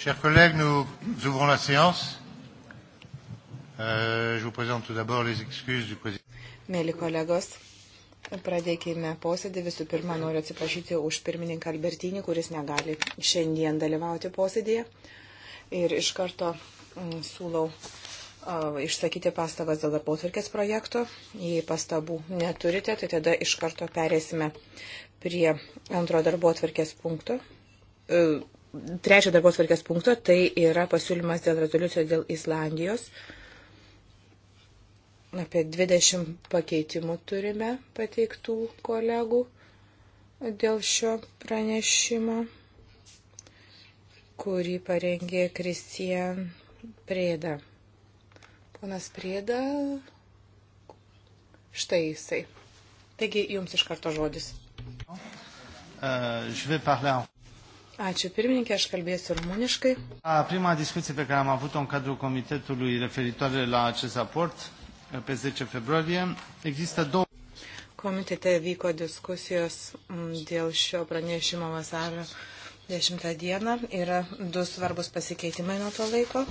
Chers collègues, nous ouvrons la séance. Euh, je vous présente tout d'abord les excuses du président. Mėly kolegos, pradėkime posėdį. Visų pirma, noriu atsiprašyti už pirmininką Albertinį, kuris negali šiandien dalyvauti posėdėje. Ir iš karto m, mm, siūlau uh, išsakyti pastabas dėl darbotvarkės projekto. Jei pastabų neturite, tai tada iš karto perėsime prie antro darbotvarkės punkto. Uh, trečio darbos varkės punkto, tai yra pasiūlymas dėl rezoliucijos dėl Islandijos. Apie 20 pakeitimų turime pateiktų kolegų dėl šio pranešimo, kurį parengė Kristijan Prėda. Ponas Prėda, štai jisai. Taigi jums iš karto žodis. Uh, Ačiū pirmininkė, aš kalbėsiu rumuniškai. Prima discuție pe care am avut-o în cadrul comitetului referitoare la acest raport pe 10 februarie, există două. Komitete vyko diskusijos dėl šio pranešimo vasario 10 dieną. Yra du svarbus pasikeitimai nuo to laiko.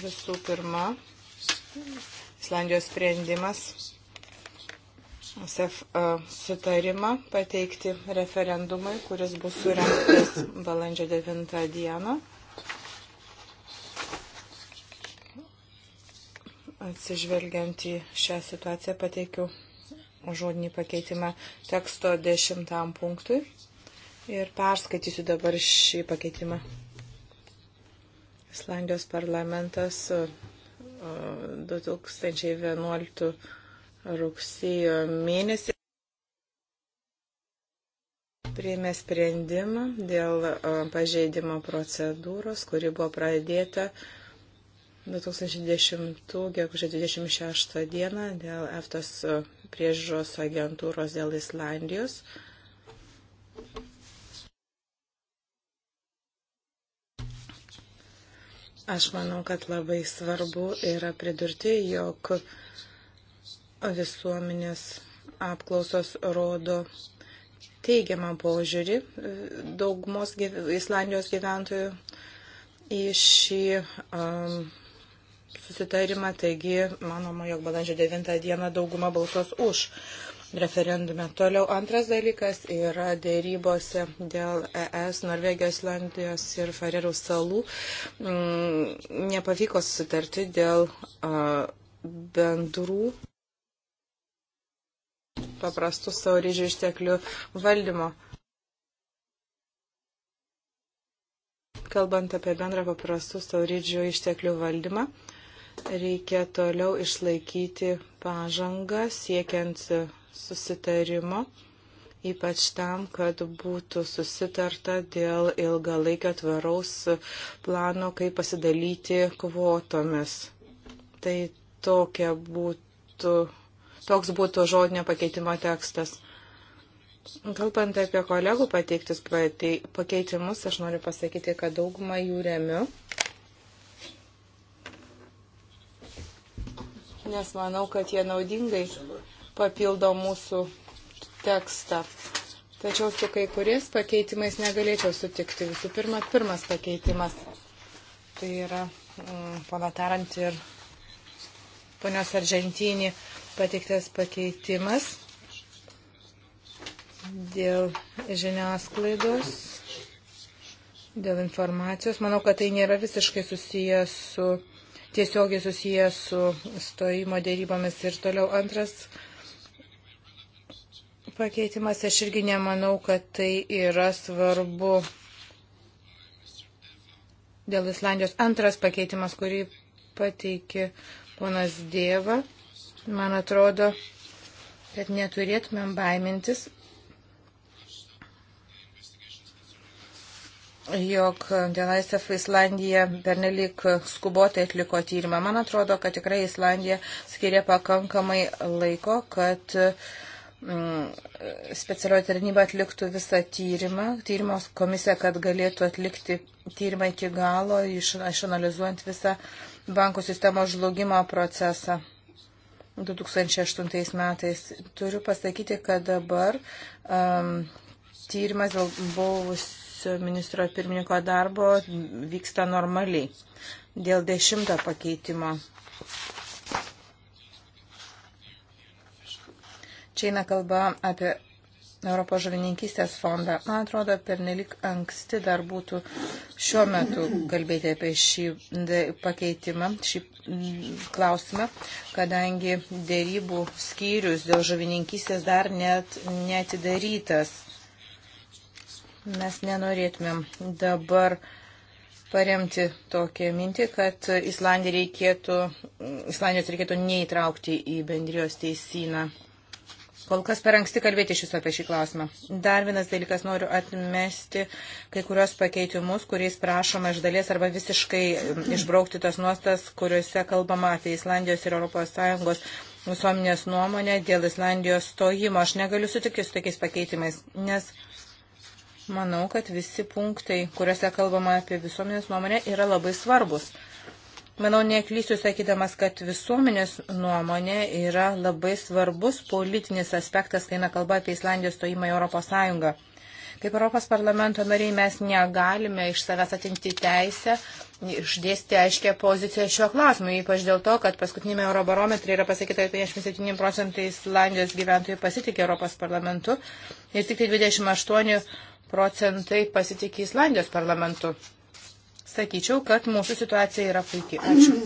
Visų pirma, Islandijos sprendimas SEF e, sutarimą pateikti referendumui, kuris bus surengtas balandžio 9 dieną. Atsižvelgiant į šią situaciją pateikiu žodinį pakeitimą teksto dešimtam punktui ir perskaitysiu dabar šį pakeitimą. Islandijos parlamentas 2011 e, e, rugsėjo mėnesį priėmė sprendimą dėl pažeidimo procedūros, kuri buvo pradėta 2010 gegužė 26 dieną dėl EFTAS priežiūros agentūros dėl Islandijos. Aš manau, kad labai svarbu yra pridurti, jog visuomenės apklausos rodo teigiamą požiūrį e, daugumos Islandijos gyventojų į šį um, susitarimą. Taigi, manoma, jog balandžio 9 dieną dauguma balsos už referendume. Toliau antras dalykas yra dėrybose dėl ES, Norvegijos, Islandijos ir Farerų salų. Mm, nepavyko susitarti dėl uh, bendrų paprastų savo ryžių išteklių valdymo. Kalbant apie bendrą paprastų saurydžių išteklių valdymą, reikia toliau išlaikyti pažangą siekiant susitarimo, ypač tam, kad būtų susitarta dėl ilgalaikio tvaraus plano, kaip pasidalyti kvotomis. Tai tokia būtų Toks būtų žodinio pakeitimo tekstas. Kalbant apie kolegų pateiktus pakeitimus, aš noriu pasakyti, kad daugumą jų remiu. Nes manau, kad jie naudingai papildo mūsų tekstą. Tačiau su kai kuriais pakeitimais negalėčiau sutikti. Visų pirma, pirmas pakeitimas. Tai yra mm, pana Tarant ir ponios Argentinį pateiktas pakeitimas dėl žiniasklaidos, dėl informacijos. Manau, kad tai nėra visiškai susijęs su, tiesiogiai susijęs su stojimo dėrybomis ir toliau antras pakeitimas. Aš irgi nemanau, kad tai yra svarbu. Dėl Islandijos antras pakeitimas, kurį pateikė ponas Dėva. Man atrodo, kad neturėtumėm baimintis, jog dėl ISF Islandija pernelyg skubotai atliko tyrimą. Man atrodo, kad tikrai Islandija skiria pakankamai laiko, kad mm, specialioji tarnyba atliktų visą tyrimą, tyrimos komisija, kad galėtų atlikti tyrimą iki galo, išanalizuojant visą bankų sistemos žlugimo procesą. 2008 metais. Turiu pasakyti, kad dabar um, tyrimas dėl buvusio ministro pirmininko darbo vyksta normaliai dėl dešimto pakeitimo. Čia eina kalba apie Europos žuvininkystės fondą. Man atrodo, pernelik anksti dar būtų šiuo metu kalbėti apie šį pakeitimą, šį klausimą, kadangi dėrybų skyrius dėl žuvininkystės dar net netidarytas. Mes nenorėtumėm dabar paremti tokią mintį, kad Islandijos reikėtų, Islandijos reikėtų neįtraukti į bendrijos teisyną. Kol kas per anksti kalbėti šis apie šį klausimą. Dar vienas dalykas noriu atmesti kai kurios pakeitimus, kuriais prašoma iš dalies arba visiškai mm, išbraukti tos nuostas, kuriuose kalbama apie Islandijos ir ES visuomenės nuomonę dėl Islandijos stojimo. Aš negaliu sutikti su tokiais pakeitimais, nes manau, kad visi punktai, kuriuose kalbama apie visuomenės nuomonę, yra labai svarbus. Manau, neklysiu sakydamas, kad visuomenės nuomonė yra labai svarbus politinis aspektas, kai eina kalba apie Islandijos stojimą į Europos Sąjungą. Kaip Europos parlamento nariai mes negalime iš savęs atimti teisę išdėsti aiškę poziciją šiuo klausimu, ypač dėl to, kad paskutinėme Eurobarometrė yra pasakyta, kad 57 procentai Islandijos gyventojų pasitikė Europos parlamentu ir tik tai 28 procentai pasitikė Islandijos parlamentu sakyčiau, kad mūsų situacija yra puikiai. Ačiū.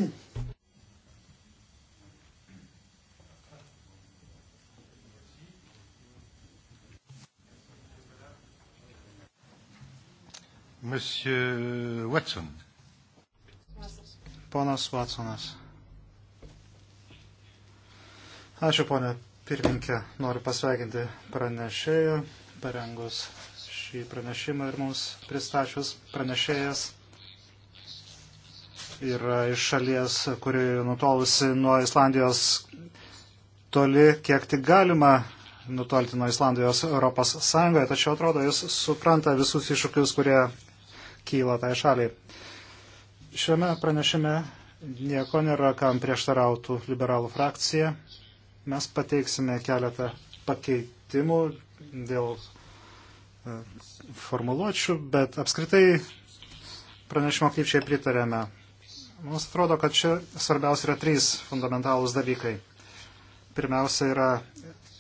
Monsieur Watson. Ponas Watsonas. Ačiū, ponė pirmininkė. Noriu pasveikinti pranešėją, parengus šį pranešimą ir mums pristačius pranešėjas yra iš šalies, kuri nutolusi nuo Islandijos toli, kiek tik galima nutolti nuo Islandijos Europos Sąjungoje, tačiau atrodo, jis supranta visus iššūkius, kurie kyla tai šaliai. Šiame pranešime nieko nėra, kam prieštarautų liberalų frakcija. Mes pateiksime keletą pakeitimų dėl e, formuluočių, bet apskritai pranešimo krypčiai pritarėme. Mums atrodo, kad čia svarbiausia yra trys fundamentalūs dalykai. Pirmiausia yra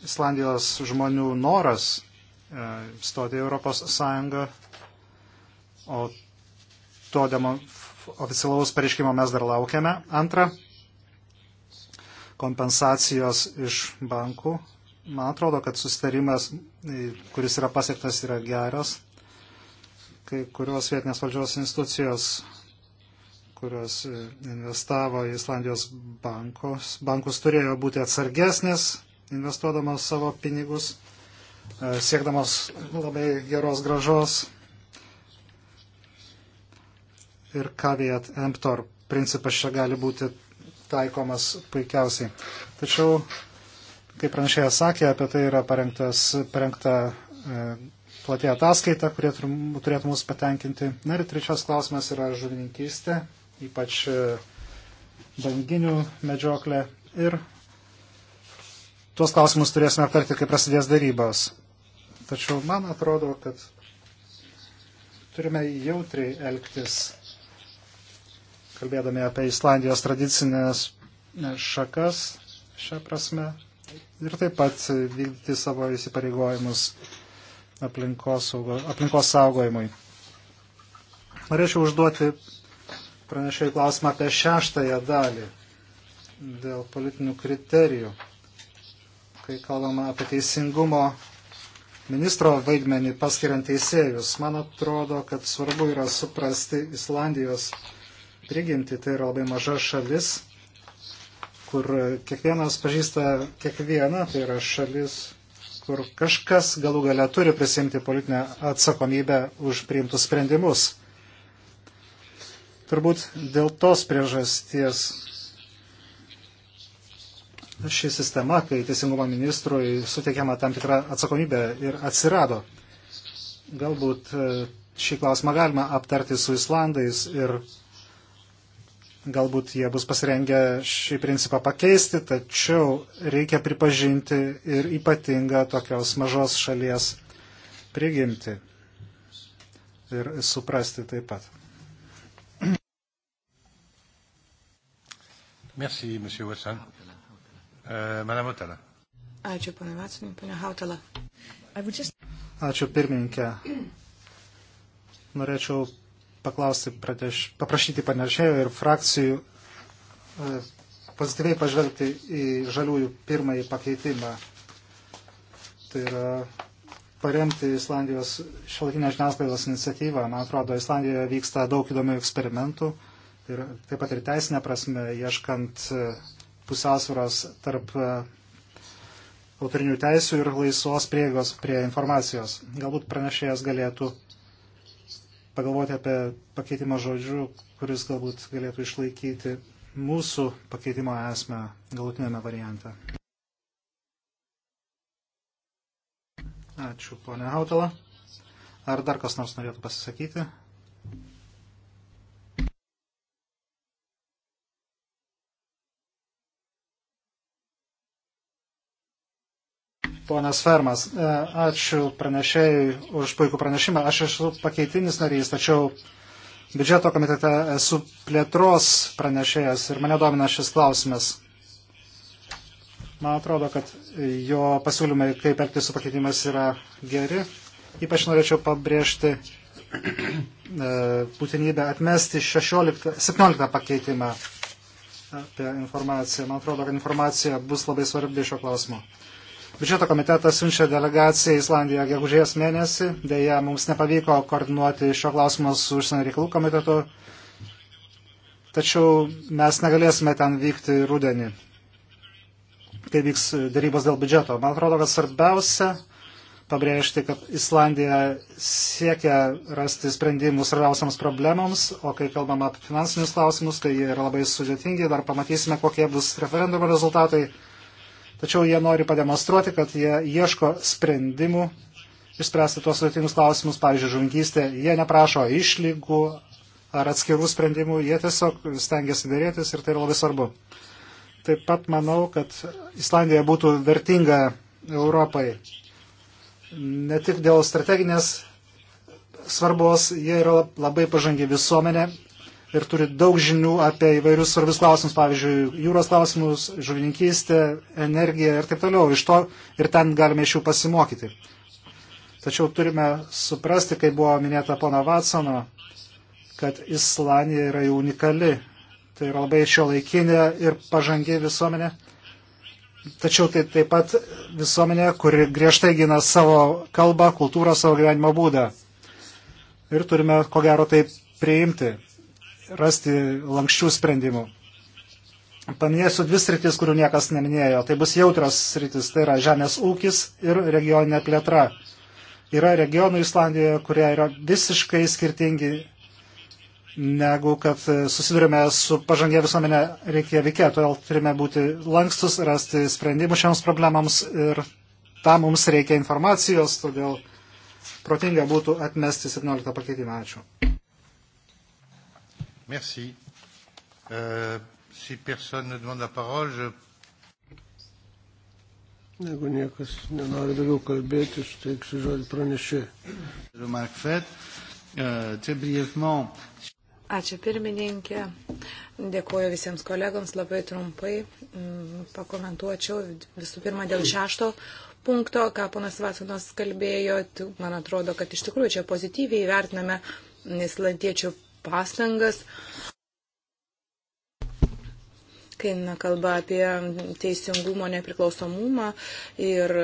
Islandijos žmonių noras e, stoti į Europos Sąjungą, o to demo, oficialaus pareiškimo mes dar laukiame. Antra, kompensacijos iš bankų. Man atrodo, kad sustarimas, e, kuris yra pasiektas, yra geras. Kai kurios vietinės valdžios institucijos kurios investavo į Islandijos bankus, bankus turėjo būti atsargesnės, investuodamos savo pinigus, e, siekdamos labai geros gražos. Ir kaviet emptor principas čia gali būti taikomas puikiausiai. Tačiau, kaip pranešėjas sakė, apie tai yra parengtas, parengta e, platė ataskaita, kurie turėtų mus patenkinti. Na ir trečias klausimas yra žuvininkystė ypač e, banginių medžioklė. Ir tuos klausimus turėsime aptarti, kai prasidės darybos. Tačiau man atrodo, kad turime jautriai elgtis, kalbėdami apie Islandijos tradicinės e, šakas šią prasme ir taip pat vykdyti savo įsipareigojimus aplinkos, saugo, aplinkos saugojimui. Norėčiau užduoti pranešėjų klausimą apie šeštąją dalį dėl politinių kriterijų. Kai kalbama apie teisingumo ministro vaidmenį paskiriant teisėjus, man atrodo, kad svarbu yra suprasti Islandijos prigimti. Tai yra labai maža šalis, kur kiekvienas pažįsta kiekvieną, tai yra šalis, kur kažkas galų gale turi prisimti politinę atsakomybę už priimtus sprendimus. Turbūt dėl tos priežasties ši sistema, kai teisingumo ministrui suteikiama tam tikra atsakomybė ir atsirado. Galbūt e, šį klausimą galima aptarti su Islandais ir galbūt jie bus pasirengę šį principą pakeisti, tačiau reikia pripažinti ir ypatingą tokios mažos šalies prigimti ir suprasti taip pat. Merci, monsieur Watson. Uh, Madame Otala. Ačiū, ponia Vatsonė, ponia Hautala. Just... Ačiū, pirmininkė. Norėčiau paklausti, prateš, paprašyti panešėjų ir frakcijų uh, pozityviai pažvelgti į žaliųjų pirmąjį pakeitimą. Tai yra paremti Islandijos šiolakinės žiniasklaidos iniciatyvą. Man atrodo, Islandijoje vyksta daug įdomių eksperimentų. Uh, ir taip pat ir teisinė prasme, ieškant e, pusiausvėros tarp e, autorinių teisų ir laisvos prieigos prie informacijos. Galbūt pranešėjas galėtų pagalvoti apie pakeitimą žodžių, kuris galbūt galėtų išlaikyti mūsų pakeitimo esmę galutinėme variante. Ačiū, ponia Hautala. Ar dar kas nors norėtų pasisakyti? ponas Fermas. E, ačiū pranešėjai už puikų pranešimą. Aš esu pakeitinis narys, tačiau biudžeto komitete esu plėtros pranešėjas ir mane domina šis klausimas. Man atrodo, kad jo pasiūlymai, kaip elgtis su pakeitimas, yra geri. Ypač norėčiau pabrėžti e, būtinybę atmesti 16, 17 pakeitimą apie informaciją. Man atrodo, kad informacija bus labai svarbi šio klausimo. Biudžeto komitetas siunčia delegaciją į Islandiją gegužės mėnesį. Deja, mums nepavyko koordinuoti šio klausimo su užsienio reikalų komitetu. Tačiau mes negalėsime ten vykti rudenį, kai vyks darybos dėl biudžeto. Man atrodo, kad svarbiausia pabrėžti, kad Islandija siekia rasti sprendimus svarbiausiams problemams, o kai kalbam apie finansinius klausimus, tai jie yra labai sudėtingi, dar pamatysime, kokie bus referendumo rezultatai tačiau jie nori pademonstruoti, kad jie ieško sprendimų išspręsti tuos sudėtingus klausimus, pavyzdžiui, žungystė. Jie neprašo išlygų ar atskirų sprendimų, jie tiesiog stengiasi dėrėtis ir tai yra labai svarbu. Taip pat manau, kad Islandija būtų vertinga Europai. Ne tik dėl strateginės svarbos, jie yra labai pažangi visuomenė ir turi daug žinių apie įvairius svarbius klausimus, pavyzdžiui, jūros klausimus, žuvininkystę, energiją ir taip toliau. Iš to ir ten galime iš jų pasimokyti. Tačiau turime suprasti, kaip buvo minėta pono Vatsono, kad Islandija yra jau unikali. Tai yra labai šio laikinė ir pažangi visuomenė. Tačiau tai taip pat visuomenė, kuri griežtai gina savo kalbą, kultūrą, savo gyvenimo būdą. Ir turime, ko gero, tai priimti rasti lankščių sprendimų. Paminėsiu dvi sritis, kurių niekas neminėjo. Tai bus jautrios sritis, tai yra žemės ūkis ir regioninė plėtra. Yra regionų Islandijoje, kurie yra visiškai skirtingi negu kad susidurime su pažangė visuomenė Reikjavike, todėl turime būti lankstus, rasti sprendimus šiems problemams ir tam mums reikia informacijos, todėl protinga būtų atmesti 17 pakeitimą. Ačiū. Merci. Euh, si personne ne demande la parole, je. Jeigu niekas nenori daugiau kalbėti, suteiksiu žodį pranešėjai. Euh, Ačiū pirmininkė. Dėkuoju visiems kolegams. Labai trumpai mm, pakomentuočiau visų pirma dėl šešto punkto, ką ponas Vatsonas kalbėjo. Man atrodo, kad iš tikrųjų čia pozityviai vertiname islandiečių pastangas, kai na, kalba apie teisingumo nepriklausomumą ir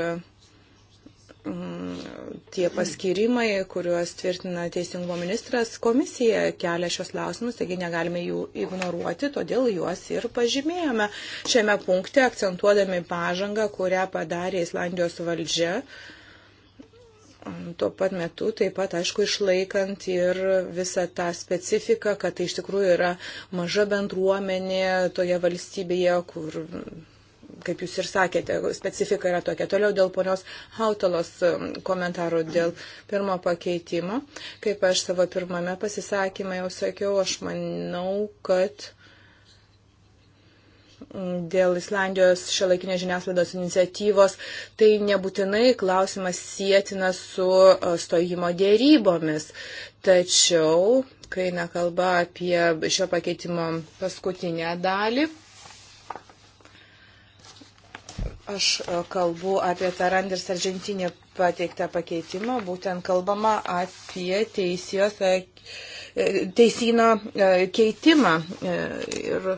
mm, tie paskirimai, kuriuos tvirtina teisingumo ministras, komisija kelia šios klausimus, taigi negalime jų ignoruoti, todėl juos ir pažymėjome šiame punkte, akcentuodami pažangą, kurią padarė Islandijos valdžia. Uh, tuo pat metu taip pat, aišku, išlaikant ir visą tą specifiką, kad tai iš tikrųjų yra maža bendruomenė toje valstybėje, kur, kaip jūs ir sakėte, specifika yra tokia. Toliau dėl ponios Hautalos um, komentaro dėl pirmo pakeitimo. Kaip aš savo pirmame pasisakymą jau sakiau, aš manau, kad dėl Islandijos šiolaikinės žiniasklaidos iniciatyvos, tai nebūtinai klausimas sėtinas su e, stojimo dėrybomis. Tačiau, kai nekalba apie šio pakeitimo paskutinę dalį, aš e, kalbu apie Taranders Argentinį pateiktą pakeitimą, būtent kalbama apie teisijos, e, teisino keitimą. Ir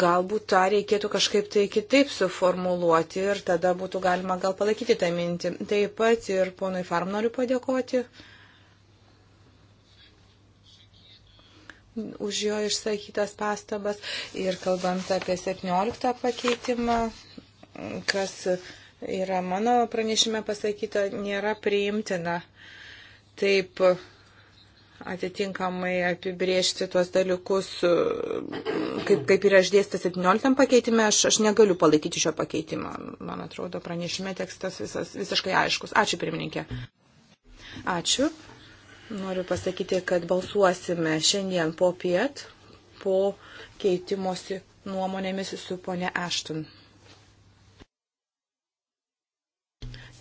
Galbūt tą reikėtų kažkaip tai kitaip suformuluoti ir tada būtų galima gal palaikyti tą mintį. Taip pat ir ponui Farm noriu padėkoti už jo išsakytas pastabas ir kalbant apie 17 pakeitimą, kas yra mano pranešime pasakyta, nėra priimtina. Taip, atitinkamai apibriežti tuos dalykus, kaip, kaip yra išdėsta 17 pakeitime, aš, aš negaliu palaikyti šio pakeitimo. Man atrodo, pranešime tekstas visas, visiškai aiškus. Ačiū, pirmininkė. Ačiū. Noriu pasakyti, kad balsuosime šiandien po piet, po keitimosi nuomonėmis su ponė Ashton.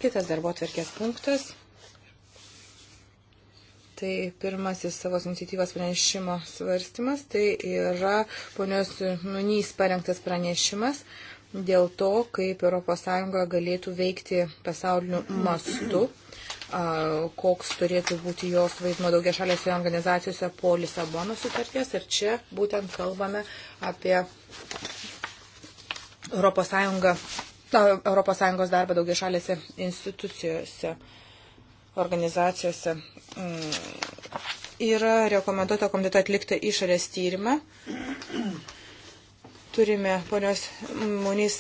Kitas darbo tvarkės punktas. Tai pirmasis savos iniciatyvos pranešimo svarstymas, tai yra ponios Nunys parengtas pranešimas dėl to, kaip ES galėtų veikti pasauliniu mastu koks turėtų būti jos vaidmo daugia šalėse organizacijose po Lisabono sutarties. Ir čia būtent kalbame apie ES, ES darbą daugia šalėse institucijose organizacijose mm, yra rekomenduota komiteto atlikti išorės tyrimą. Turime ponios Munis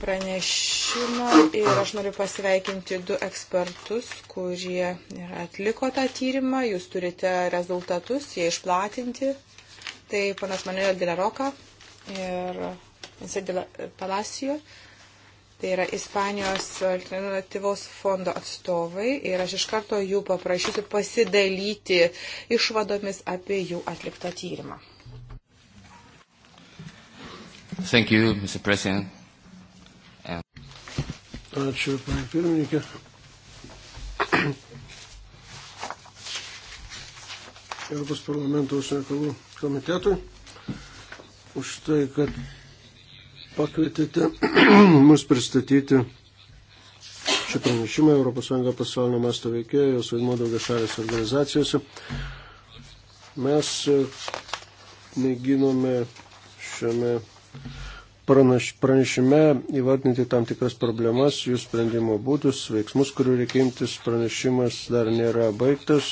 pranešimą ir aš noriu pasveikinti du ekspertus, kurie atliko tą tyrimą. Jūs turite rezultatus, jie išplatinti. Tai panas Manuel Dilaroka ir Palacijo. Tai yra Ispanijos alternatyvaus fondo atstovai ir aš iš karto jų paprašysiu pasidalyti išvadomis apie jų atliktą tyrimą. Thank you, Mr. President. And... Ačiū, panė pirmininkė. Europos parlamento užsienio reikalų komitetui už tai, kad pakvietėte mus pristatyti šį pranešimą ES pasaulinio masto veikėjo, jos vaidmo daugiašalės organizacijose. Mes e, mėginome šiame pranaš, pranešime įvardinti tam tikras problemas, jų sprendimo būdus, veiksmus, kurių reikia imtis, pranešimas dar nėra baigtas.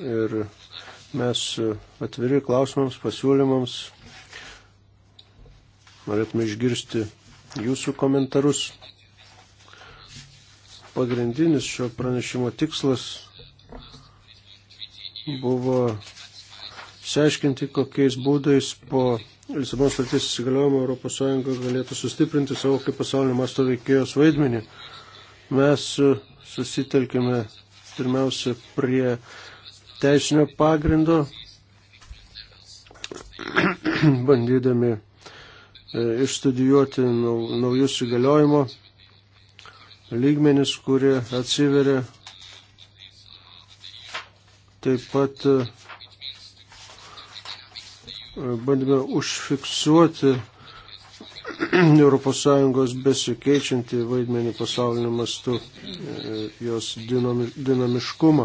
Ir mes e, atviri klausimams, pasiūlymams, Norėtume išgirsti jūsų komentarus. Pagrindinis šio pranešimo tikslas buvo išsiaiškinti, kokiais būdais po Lisabonos sutarties įsigaliojimo ES galėtų sustiprinti savo kaip pasaulio masto veikėjos vaidmenį. Mes susitelkime pirmiausia prie teisinio pagrindo, bandydami E, išstudijuoti naujus įgaliojimo lygmenis, kurie atsiveria. Taip pat e, bandėme užfiksuoti ES besikeičiantį vaidmenį pasauliniu mastu, e, jos dinami, dinamiškumą.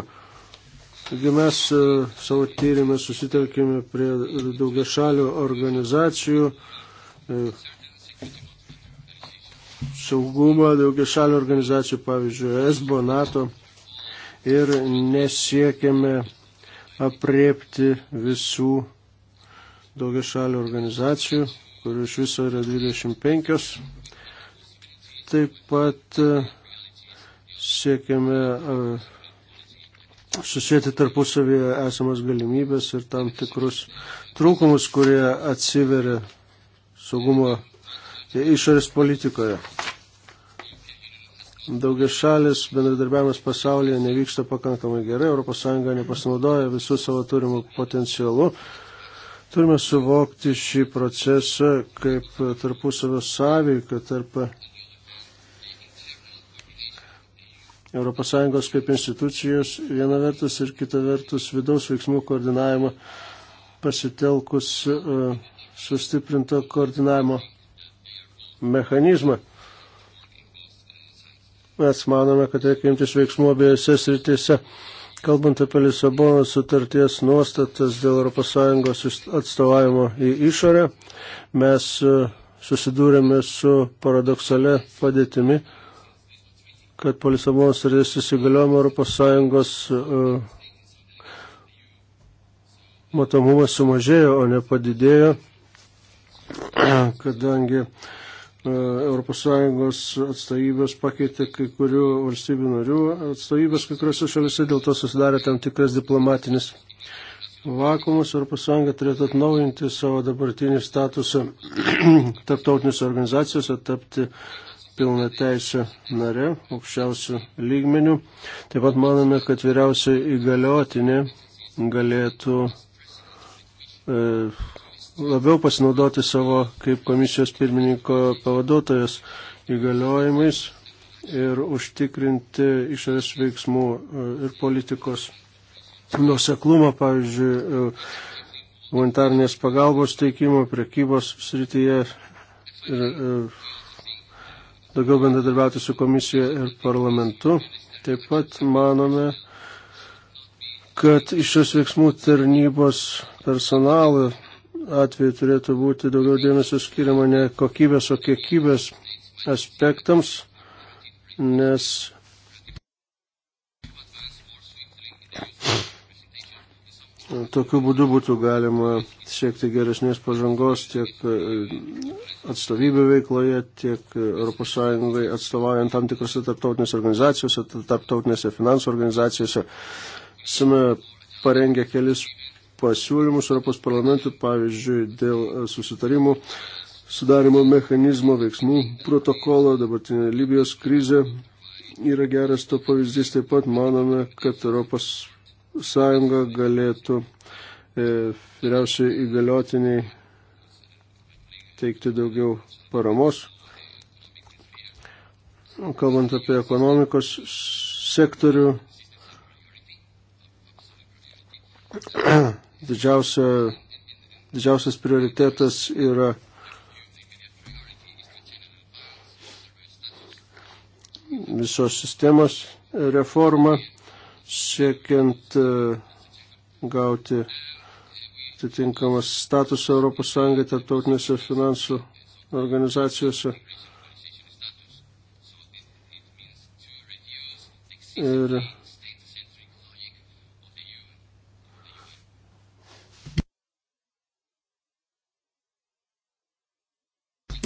Taigi mes savo tyrimę susitelkime prie daugiašalių organizacijų, E, saugumą daugia šalių organizacijų, pavyzdžiui, ESBO, NATO ir nesiekiame apriepti visų daugia šalių organizacijų, kurių iš viso yra 25. Taip pat e, siekiame e, susijęti tarpusavėje esamas galimybės ir tam tikrus trūkumus, kurie atsiveria saugumo išorės politikoje. Daugia šalis bendradarbiavimas pasaulyje nevyksta pakankamai gerai, ES nepasinaudoja visų savo turimų potencialų. Turime suvokti šį procesą kaip tarpusavio sąveiką tarp ES kaip institucijos viena vertus ir kita vertus vidaus veiksmų koordinavimą pasitelkus uh, sustiprinto koordinavimo mechanizmą. Mes manome, kad reikia imtis veiksmų abiejose srityse. Kalbant apie Lisabono sutarties nuostatas dėl ES atstovavimo į išorę, mes e, susidūrėme su paradoksale padėtimi, kad po Lisabono sutarties įsigaliojimo ES e, matomumas sumažėjo, o ne padidėjo. kadangi ES atstovybės pakeitė kai kurių valstybių narių atstovybės kai kuriuose šalise, dėl to susidarė tam tikras diplomatinis vakumus. ES turėtų atnaujinti savo dabartinį statusą tarptautinėse organizacijose, tapti pilna teisė nare, aukščiausių lygmenių. Taip pat manome, kad vyriausia įgaliotinė galėtų e, labiau pasinaudoti savo kaip komisijos pirmininko pavaduotojas įgaliojimais ir užtikrinti išorės veiksmų e, ir politikos nuseklumą, pavyzdžiui, e, humanitarnės pagalbos teikimo, prekybos srityje ir e, daugiau bendradarbiauti su komisija ir parlamentu. Taip pat manome, kad iš šios veiksmų tarnybos personalą atveju turėtų būti daugiau dėmesio skiriama ne kokybės, o kiekybės aspektams, nes Tokiu būdu būtų galima siekti geresnės pažangos tiek e, atstovybių veikloje, tiek ES atstovaujant tam tikrose tarptautinėse organizacijose, tarptautinėse finansų organizacijose. Esame parengę kelis pasiūlymus Europos parlamentui, pavyzdžiui, dėl e, susitarimų sudarimo mechanizmo veiksmų protokolo, dabartinė Libijos krizė yra geras to pavyzdys. Taip pat manome, kad Europos Sąjunga galėtų e, vyriausiai įgaliotiniai teikti daugiau paramos. Kalbant apie ekonomikos sektorių, didžiausia, didžiausias prioritetas yra visos sistemos reforma, siekiant e, gauti atitinkamas statusą Europos Sąjungai tarptautinėse finansų organizacijose. Ir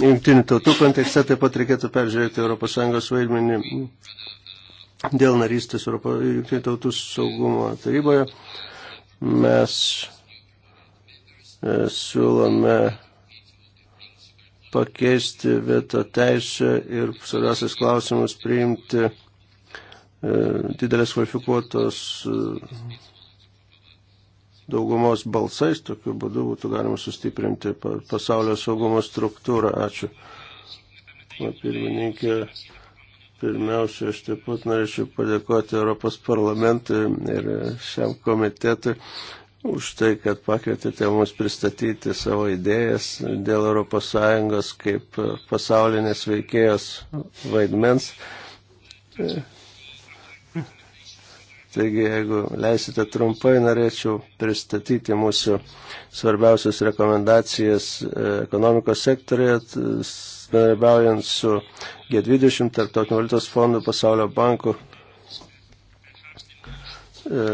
jungtinių tautų kontekste taip pat reikėtų peržiūrėti ES vaidmenį dėl narystės jungtinių tautų saugumo taryboje. Mes e, siūlome pakeisti veto teisę ir svarbiausias klausimus priimti e, didelės kvalifikuotos daugumos balsais, tokiu būdu būtų galima sustiprinti pasaulio saugumo struktūrą. Ačiū. O pirmininkė, pirmiausia, aš taip pat norėčiau padėkoti Europos parlamentui ir šiam komitetui už tai, kad pakvietėte mus pristatyti savo idėjas dėl ES kaip pasaulinės veikėjos vaidmens. Taigi, jeigu leisite trumpai, norėčiau pristatyti mūsų svarbiausias rekomendacijas e, ekonomikos sektorėje, bendrabiaujant su G20, Tarptautinio valiutos fondų, pasaulio bankų, e,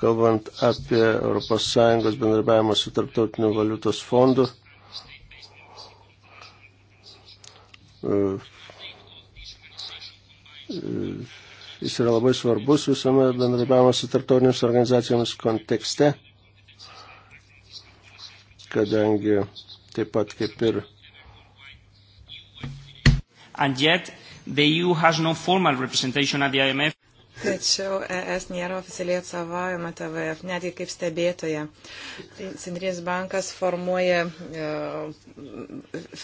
kalbant apie ES bendrabiavimą su Tarptautiniu valiutos fondu. Uh, uh, Jis yra labai svarbus visame bendradarbiavimo su tarptautinėms organizacijomis kontekste, kadangi taip pat kaip ir. And yet, the EU has no formal representation at the IMF. Tačiau ES nėra oficialiai atstovaujama TVF, netgi kaip stebėtoja. Tai Centrinis bankas formuoja e,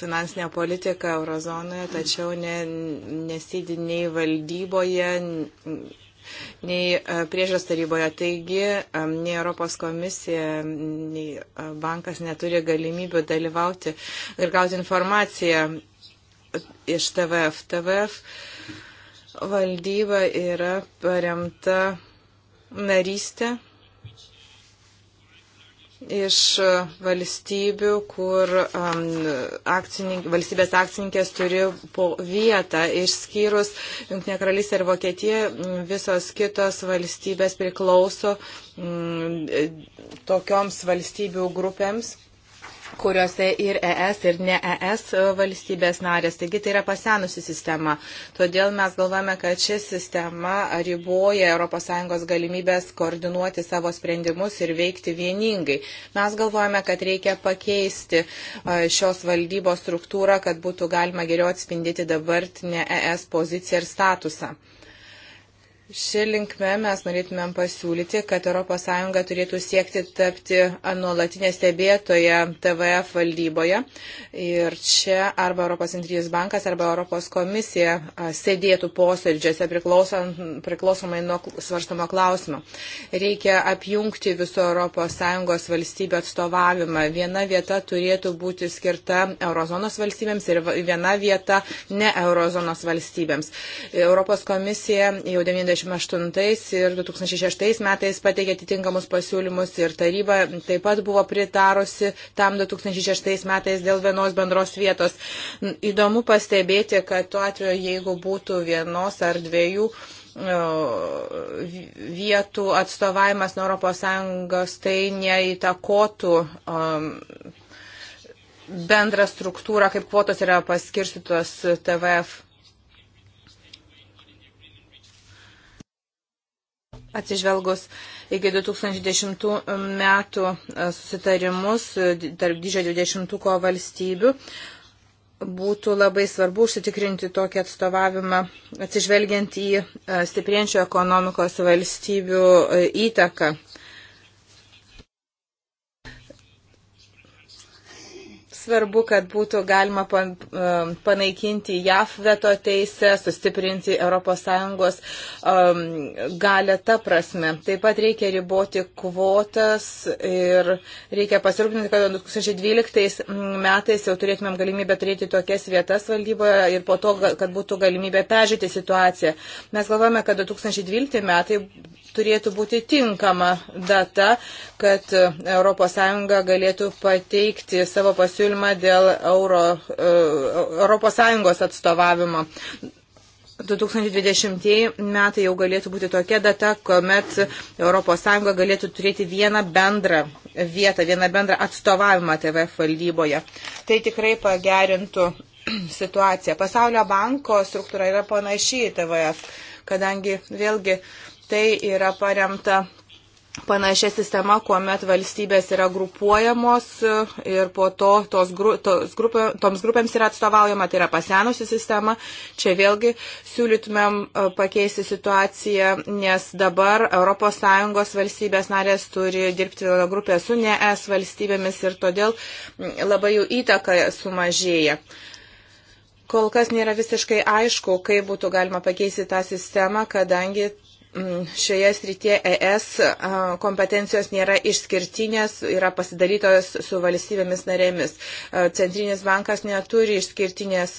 finansinę politiką eurozonoje, tačiau ne, nesėdi nei valdyboje, nei e, priežios taryboje. Taigi, e, nei Europos komisija, nei bankas neturi galimybių dalyvauti ir gauti informaciją iš TVF. TVF valdyba yra paremta narystė iš valstybių, kur um, akcininkė, valstybės akcininkės turi po vietą, išskyrus Junktinė karalystė ir Vokietija, visos kitos valstybės priklauso um, tokioms valstybių grupėms kuriuose ir ES, ir ne ES valstybės narės. Taigi tai yra pasenusi sistema. Todėl mes galvame, kad ši sistema riboja ES galimybės koordinuoti savo sprendimus ir veikti vieningai. Mes galvojame, kad reikia pakeisti šios valdybos struktūrą, kad būtų galima geriau atspindėti dabartinę ES poziciją ir statusą. Šią linkmę mes norėtumėm pasiūlyti, kad ES turėtų siekti tapti nuolatinę stebėtoją TVF valdyboje. Ir čia arba Europos centrinis bankas, arba Europos komisija sėdėtų posėdžiuose priklausomai nuo svarstamo klausimo. Reikia apjungti viso ES valstybių atstovavimą. Viena vieta turėtų būti skirta eurozonos valstybėms ir viena vieta ne eurozonos valstybėms. Europos komisija jau 90 2008 ir 2006 metais pateikė atitinkamus pasiūlymus ir taryba taip pat buvo pritarusi tam 2006 metais dėl vienos bendros vietos. Įdomu pastebėti, kad tuo atveju, jeigu būtų vienos ar dviejų vietų atstovavimas nuo ES tai neįtakotų um, bendrą struktūrą, kaip kvotos yra paskirstytos TVF atsižvelgus iki 2010 metų e, susitarimus e, tarp didžio 20 valstybių, būtų labai svarbu užsitikrinti tokį atstovavimą, atsižvelgiant į e, stiprienčio ekonomikos valstybių įtaką svarbu, kad būtų galima um, panaikinti JAF veto teisę, sustiprinti ES um, galę tą prasme. Taip pat reikia riboti kvotas ir reikia pasirūpinti, kad 2012 metais jau turėtumėm galimybę turėti tokias vietas valdyboje ir po to, kad būtų galimybė peržiūrėti situaciją. Mes galvojame, kad 2012 metai turėtų būti tinkama data, kad uh, ES galėtų pateikti savo pasiūlymą pasiūlymą dėl Euro, e, Europos Sąjungos atstovavimo. 2020 metai jau galėtų būti tokia data, kuomet ES galėtų turėti vieną bendrą vietą, vieną bendrą atstovavimą TVF valdyboje. Tai tikrai pagerintų situaciją. Pasaulio banko struktūra yra panaši į TVF, kadangi vėlgi tai yra paremta panašia sistema, kuomet valstybės yra grupuojamos e, ir po to tos gru, tos grupė, toms grupėms yra atstovaujama, tai yra pasenusi sistema. Čia vėlgi siūlytumėm e, pakeisti situaciją, nes dabar ES valstybės narės turi dirbti vienoje grupėje su ne es valstybėmis ir todėl labai jų įtaka sumažėja. Kol kas nėra visiškai aišku, kaip būtų galima pakeisti tą sistemą, kadangi Mm, šioje srityje ES kompetencijos nėra išskirtinės, yra pasidalytos su valstybėmis narėmis. Centrinis bankas neturi išskirtinės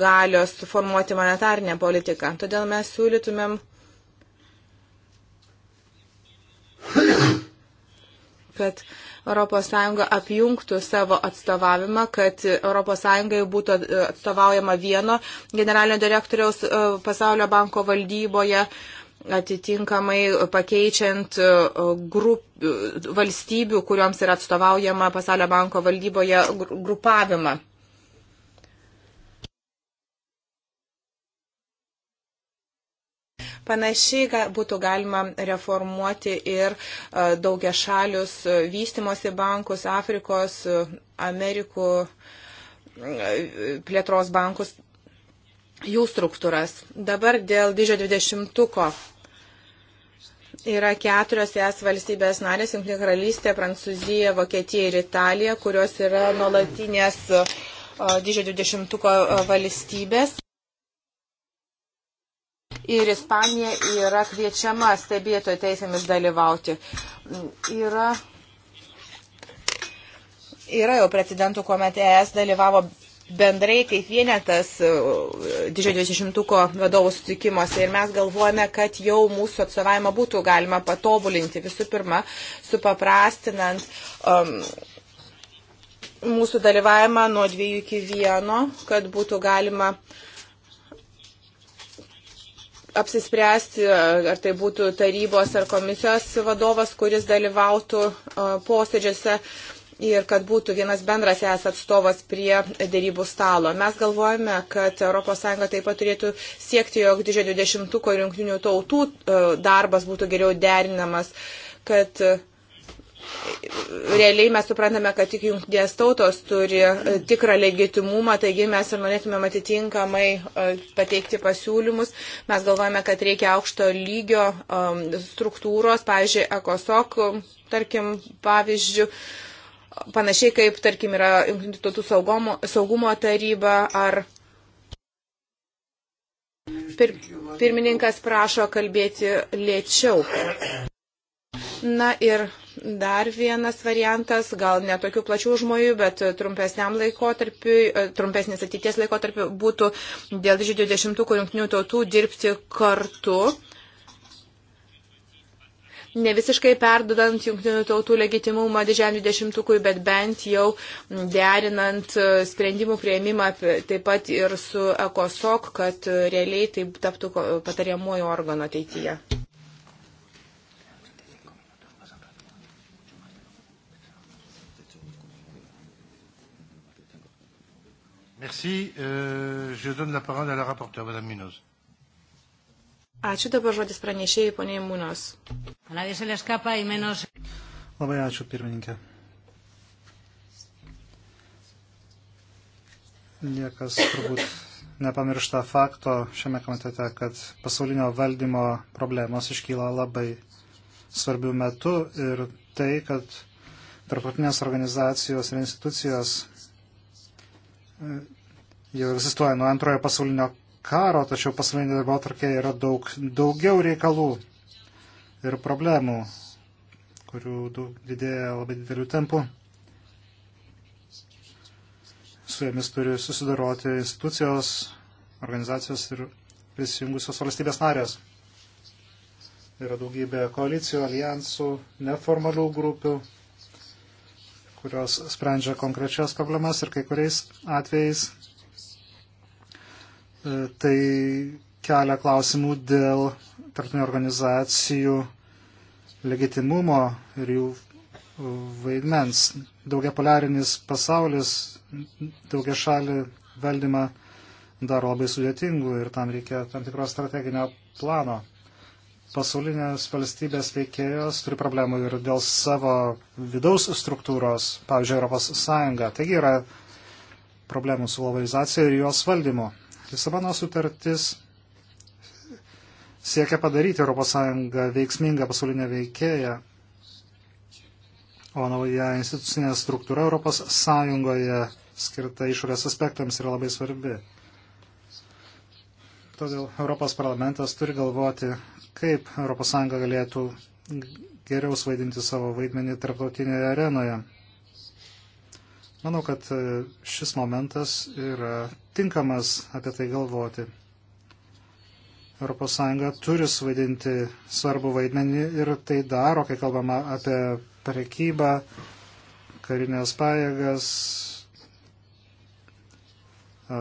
galios formuoti monetarinę politiką. Todėl mes siūlytumėm kad ES apjungtų savo atstovavimą, kad ES būtų atstovaujama vieno generalinio direktoriaus e, pasaulio banko valdyboje. Uh, atitinkamai pakeičiant e, grup, valstybių, kuriuoms yra atstovaujama pasaulio banko valdyboje grupavimą. Panašiai būtų galima reformuoti ir e, daugia šalius e, vystimosi bankus, Afrikos, Amerikų plėtros bankus, jų struktūras. Dabar dėl didžio dvidešimtuko Yra keturios es valstybės narės, Junktinė karalystė, Prancūzija, Vokietija ir Italija, kurios yra nuolatinės didžiojo dvidešimtuko valstybės. Ir Ispanija yra kviečiama stebėtojų teisėmis dalyvauti. Yra, yra jau precedentų, kuomet ES dalyvavo bendrai kaip vienetas e, didžiojo dvidešimtuko vadovų sutikimuose ir mes galvojame, kad jau mūsų atstovavimą būtų galima patobulinti visų pirma, supaprastinant um, mūsų dalyvavimą nuo dviejų iki vieno, kad būtų galima apsispręsti, e, ar tai būtų tarybos ar komisijos vadovas, kuris dalyvautų e, posėdžiuose. Uh, ir kad būtų vienas bendras es atstovas prie dėrybų stalo. Mes galvojame, kad ES taip pat turėtų siekti, jog didžiojo dvidešimtuko ir jungtinių tautų e, darbas būtų geriau derinamas, kad e, realiai mes suprantame, kad tik jungtinės tautos turi e, tikrą legitimumą, taigi mes ir norėtume atitinkamai pateikti pasiūlymus. Mes galvojame, kad reikia aukšto lygio struktūros, pavyzdžiui, ECOSOC, tarkim, pavyzdžių panašiai kaip, tarkim, yra Junktinių tautų saugumo, saugumo taryba ar pir, pirmininkas prašo kalbėti lėčiau. Na ir dar vienas variantas, gal netokių plačių žmonių, bet trumpesniam laikotarpiu, trumpesnis ateities laikotarpiu būtų dėl 20 jungtinių tautų dirbti kartu ne visiškai perdodant jungtinių tautų legitimumą didžiam dvidešimtukui, bet bent jau derinant e, sprendimų prieimimą taip pat ir su ECOSOC, kad e, realiai tai taptų patariamuoju organu ateityje. Merci. Euh, je donne la parole à la rapporteure, Madame Munoz. Ačiū dabar žodis pranešėjai, poniai Mūnos. Labai ačiū, pirmininkė. Niekas turbūt nepamiršta fakto šiame komitete, kad pasaulinio valdymo problemos iškyla labai svarbių metų ir tai, kad tarptautinės organizacijos ir institucijos e, jau egzistuoja nuo antrojo pasaulinio karo, tačiau pasaulinė darbo atvarkė yra daug, daugiau reikalų ir problemų, kurių daug, didėja labai didelių tempų. Su jomis turi susidoroti institucijos, organizacijos ir prisijungusios valstybės narės. Yra daugybė koalicijų, alijansų, neformalių grupių, kurios sprendžia konkrečias problemas ir kai kuriais atvejais E, tai kelia klausimų dėl tarptautinių organizacijų legitimumo ir jų e, vaidmens. Daugiapolarinis pasaulis daugia šalį valdymą daro labai sudėtingų ir tam reikia tam tikros strateginio plano. Pasaulinės valstybės veikėjos turi problemų ir dėl savo vidaus struktūros, pavyzdžiui, Europos Sąjunga. Taigi yra problemų su globalizacija ir jos valdymu. Lisabono sutartis siekia padaryti ES veiksmingą pasaulinę veikėją, o nauja institucinė struktūra ES skirta išorės aspektams yra labai svarbi. Todėl Europos parlamentas turi galvoti, kaip ES galėtų geriau svaidinti savo vaidmenį tarptautinėje arenoje. Manau, kad e, šis momentas yra tinkamas apie tai galvoti. ES turi suvaidinti svarbų vaidmenį ir tai daro, kai kalbama apie prekybą, karinės pajėgas, e,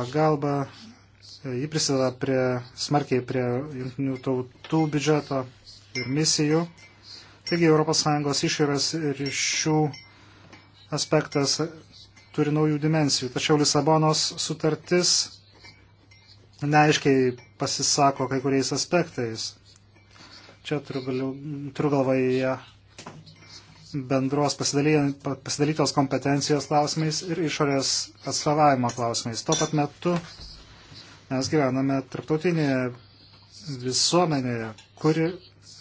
pagalbą. E, ji prisideda prie, smarkiai prie jungtinių tautų biudžeto ir misijų. Taigi ES išėras ryšių aspektas turi naujų dimensijų. Tačiau Lisabonos sutartis neaiškiai pasisako kai kuriais aspektais. Čia turiu, turiu galvoje bendros pasidalytos kompetencijos klausimais ir išorės atstovavimo klausimais. Tuo pat metu mes gyvename tarptautinėje visuomenėje, kuri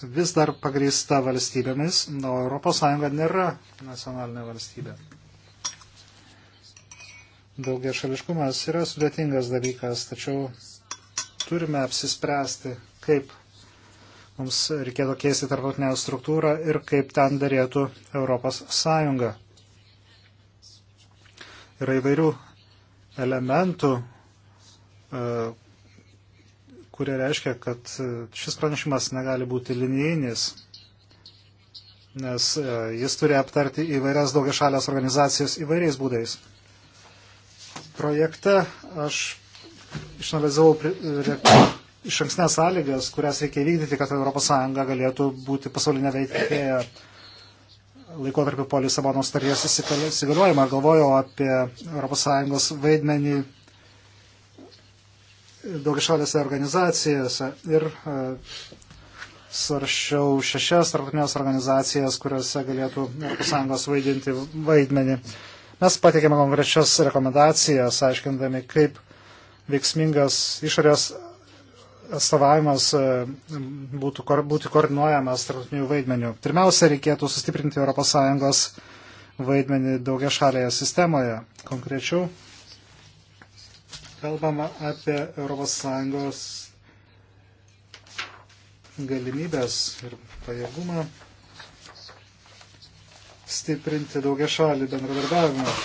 vis dar pagrįsta valstybėmis, o ES nėra nacionalinė valstybė. Daugia šališkumas yra sudėtingas dalykas, tačiau turime apsispręsti, kaip mums reikėtų keisti tarptautinę struktūrą ir kaip ten darėtų ES. Yra įvairių elementų, e, kurie reiškia, kad šis pranešimas negali būti linijinis, nes e, jis turi aptarti įvairias daugiašalės organizacijas įvairiais būdais. Projekte aš išanalizavau iš anksnės sąlygas, kurias reikia vykdyti, kad ES galėtų būti pasaulinė veikėja laikotarpiu po Lisabono starties įsigaliojimą. Galvojau apie ES vaidmenį daugišalėse organizacijose ir e, svaršiau šešias tarptautinės organizacijas, kuriuose galėtų ES vaidinti vaidmenį. Mes pateikėme konkrečias rekomendacijas, aiškindami, kaip veiksmingas išorės atstovavimas e, būtų, būtų koordinuojamas tarptautinių vaidmenių. Pirmiausia, reikėtų sustiprinti ES vaidmenį daugia šalėje sistemoje. Konkrečiau, Kalbama apie ES galimybės ir pajėgumą stiprinti daugia šalį bendradarbiavimą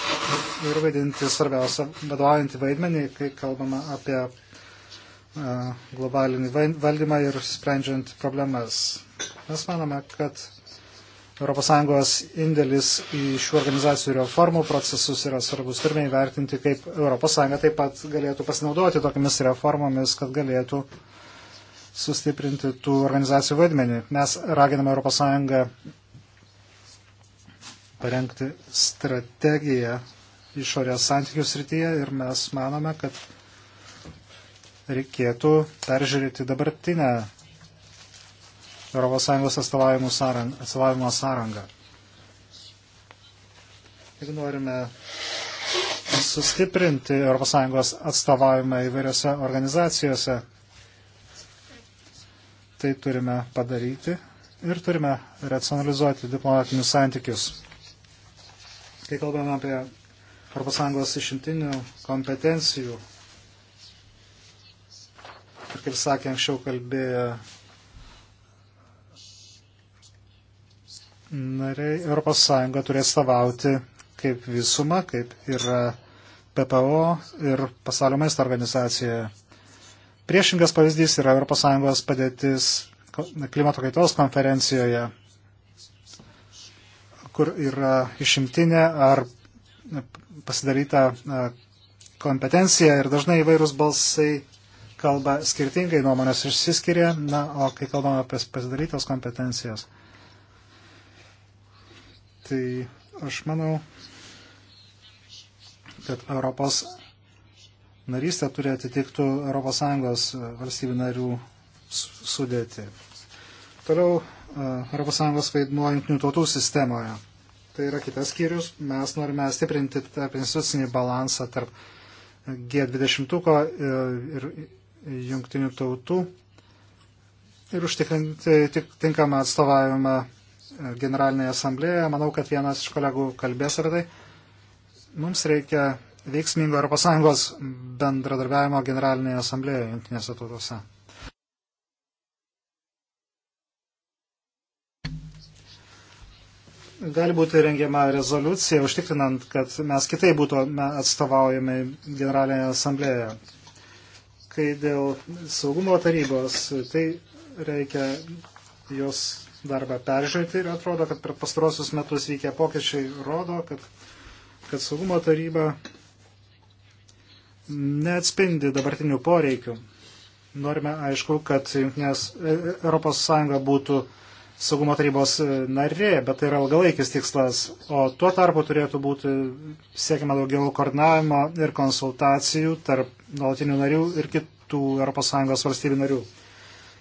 ir vaidinti svarbiausią vadovaujantį vaidmenį, kai kalbama apie globalinį valdymą ir sprendžiant problemas. Mes manome, kad ES indėlis į šių organizacijų reformų procesus yra svarbus. Turime įvertinti, kaip ES taip pat galėtų pasinaudoti tokiamis reformomis, kad galėtų sustiprinti tų organizacijų vaidmenį. Mes raginame ES parengti strategiją išorės santykių srityje ir mes manome, kad reikėtų peržiūrėti dabartinę ES atstovavimo sąrangą. Jeigu norime sustiprinti ES atstovavimą įvairiose organizacijose, tai turime padaryti ir turime racionalizuoti diplomatinius santykius. Kai kalbame apie ES išimtinių kompetencijų, ir kaip sakė anksčiau kalbėjo nariai ES turės savauti kaip visuma, kaip yra PPO ir pasaulio maisto organizacijoje. Priešingas pavyzdys yra ES padėtis klimato kaitos konferencijoje, kur yra išimtinė ar pasidaryta kompetencija ir dažnai įvairūs balsai kalba skirtingai, nuomonės išsiskiria, na, o kai kalbame apie pasidarytas kompetencijas tai aš manau, kad Europos narystė turi atitiktų ES e, valstybių narių sudėti. Toliau ES vaidmuo jungtinių tautų sistemoje. Tai yra kitas skyrius. Mes norime stiprinti tarp institucinį balansą tarp G20 e, ir jungtinių tautų ir užtikrinti tinkamą atstovavimą generalinėje asamblėje. Manau, kad vienas iš kolegų kalbės apie tai. Mums reikia veiksmingo ES bendradarbiavimo generalinėje asamblėje jungtinėse tautose. Gali būti rengiama rezoliucija, užtikrinant, kad mes kitai būtume atstovaujami generalinėje asamblėje. Kai dėl saugumo tarybos, tai reikia jos darbą peržiūrėti ir atrodo, kad per pastarosius metus vykę pokyčiai rodo, kad, kad saugumo taryba neatspindi dabartinių poreikių. Norime, aišku, kad Junktinės e, e, Europos Sąjunga būtų saugumo tarybos e, narė, bet tai yra ilgalaikis tikslas, o tuo tarpu turėtų būti siekiama daugiau koordinavimo ir konsultacijų tarp nuolatinių narių ir kitų ES valstybių narių.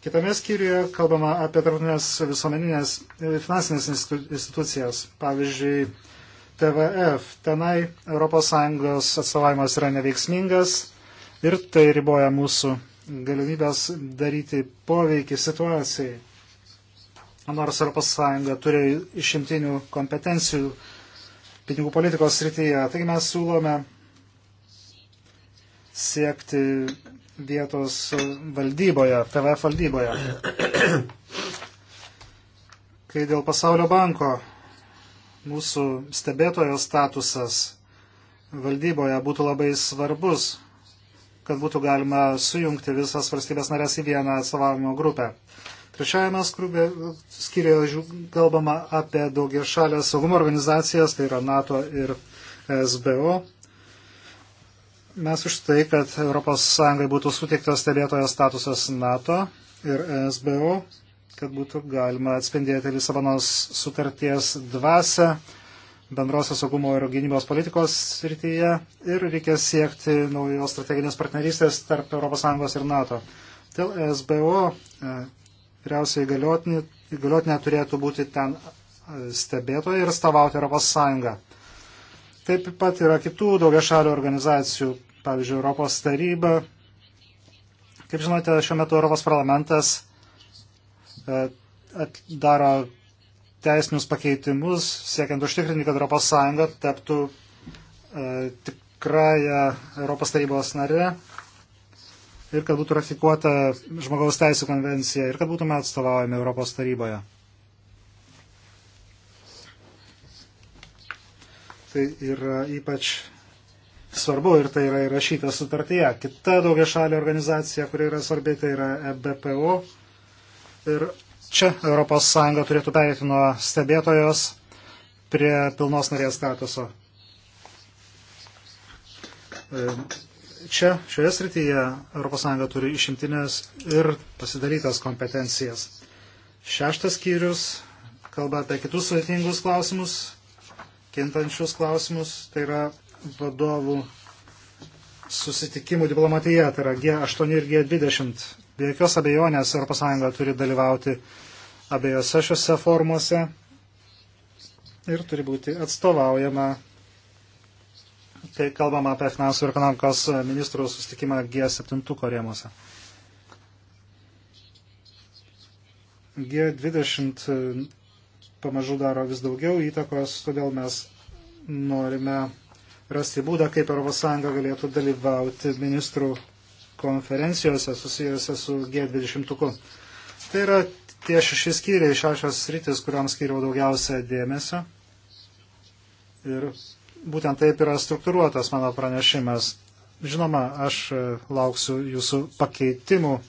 Kitame skyriuje kalbama apie tarptautinės visuomeninės finansinės institucijas, pavyzdžiui, TVF. Tenai ES atstovavimas yra neveiksmingas ir tai riboja mūsų galimybės daryti poveikį situacijai. Nors ES turi išimtinių kompetencijų pinigų politikos srityje. Taigi mes siūlome siekti vietos valdyboje, TVF valdyboje. Kai dėl pasaulio banko mūsų stebėtojo statusas valdyboje būtų labai svarbus, kad būtų galima sujungti visas valstybės narės į vieną atstovavimo grupę. Trečiajame skyriuje kalbama apie daugia šalės saugumo organizacijas, tai yra NATO ir SBO. Mes už tai, kad ES būtų suteiktas stebėtojo statusas NATO ir SBO, kad būtų galima atspindėti Lisabonos sutarties dvasę bendrosios saugumo ir gynybos politikos srityje ir reikės siekti naujos strateginės partnerystės tarp ES ir NATO. Dėl SBO e, vyriausiai galiotinė turėtų būti ten e, stebėtoja ir stavauti ES. Taip pat yra kitų daugiašalių organizacijų, pavyzdžiui, Europos taryba. Kaip žinote, šiuo metu Europos parlamentas e, daro teisinius pakeitimus, siekiant užtikrinti, kad ES taptų e, tikrąją Europos tarybos narę ir kad būtų ratifikuota žmogaus teisų konvencija ir kad būtume atstovaujami Europos taryboje. tai yra ypač svarbu ir tai yra įrašyta sutartyje. Kita daugia šalia organizacija, kuri yra svarbi, tai yra EBPO. Ir čia ES turėtų perėti nuo stebėtojos prie pilnos narės statuso. Čia, šioje srityje ES turi išimtinės ir pasidalytas kompetencijas. Šeštas skyrius kalba apie kitus sudėtingus klausimus, kintančius klausimus, tai yra vadovų susitikimų diplomatija, tai yra G8 ir G20. Be jokios abejonės ES turi dalyvauti abiejose šiuose formuose ir turi būti atstovaujama, kai kalbama apie finansų ir ekonomikos ministrų susitikimą G7 korėmuose. G20 pamažu daro vis daugiau įtakos, todėl mes norime rasti būdą, kaip ES galėtų dalyvauti ministrų konferencijose susijusiose su G20. -tuku. Tai yra tie šeši skyriai, šešios sritis, kuriam skiriau daugiausia dėmesio. Ir būtent taip yra struktūruotas mano pranešimas. Žinoma, aš lauksiu jūsų pakeitimų.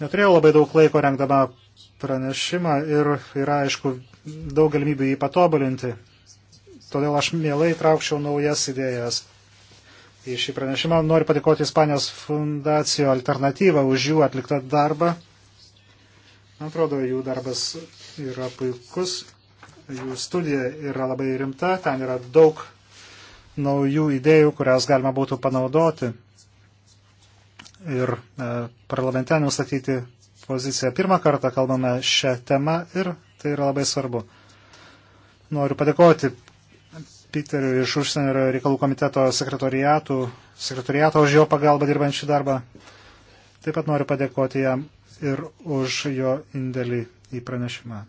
Neturėjau labai daug laiko rengdama pranešimą ir yra, aišku, daug galimybių jį patobulinti. Todėl aš mielai traukčiau naujas idėjas. Į šį pranešimą noriu patikoti Ispanijos fundacijo alternatyvą už jų atliktą darbą. Man atrodo, jų darbas yra puikus, jų studija yra labai rimta, ten yra daug naujų idėjų, kurias galima būtų panaudoti ir e, parlamente nustatyti poziciją. Pirmą kartą kalbame šią temą ir tai yra labai svarbu. Noriu padėkoti Piteriu iš užsienio reikalų komiteto sekretoriato už jo pagalbą dirbant šį darbą. Taip pat noriu padėkoti jam ir už jo indėlį į pranešimą.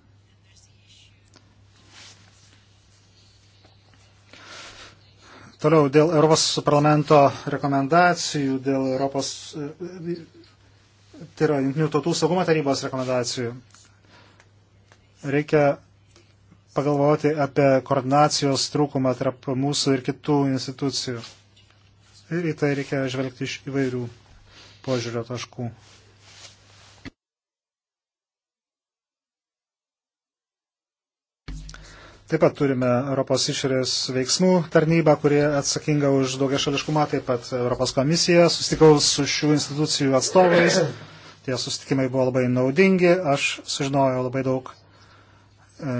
Toliau dėl Europos parlamento rekomendacijų, dėl Europos tai yra Junktinių tautų saugumo tarybos rekomendacijų. Reikia pagalvoti apie koordinacijos trūkumą tarp mūsų ir kitų institucijų. Ir į tai reikia žvelgti iš įvairių požiūrio taškų. Taip pat turime Europos išorės veiksmų tarnybą, kuri atsakinga už daugia šališkumą, taip pat Europos komisija. Sustikau su šių institucijų atstovais. Tie sustikimai buvo labai naudingi. Aš sužinojau labai daug e,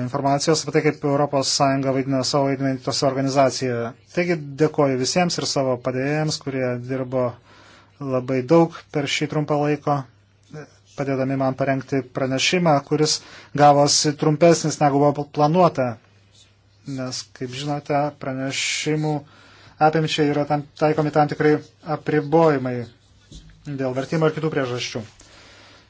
informacijos apie tai, kaip ES vaidina savo vaidmenį tose organizacijoje. Taigi dėkoju visiems ir savo padėjėjams, kurie dirbo labai daug per šį trumpą laiko e, padėdami man parengti pranešimą, kuris gavosi trumpesnis negu buvo planuota nes, kaip žinote, pranešimų apimčiai yra tam, taikomi tam tikrai apribojimai dėl vertimo ir kitų priežasčių.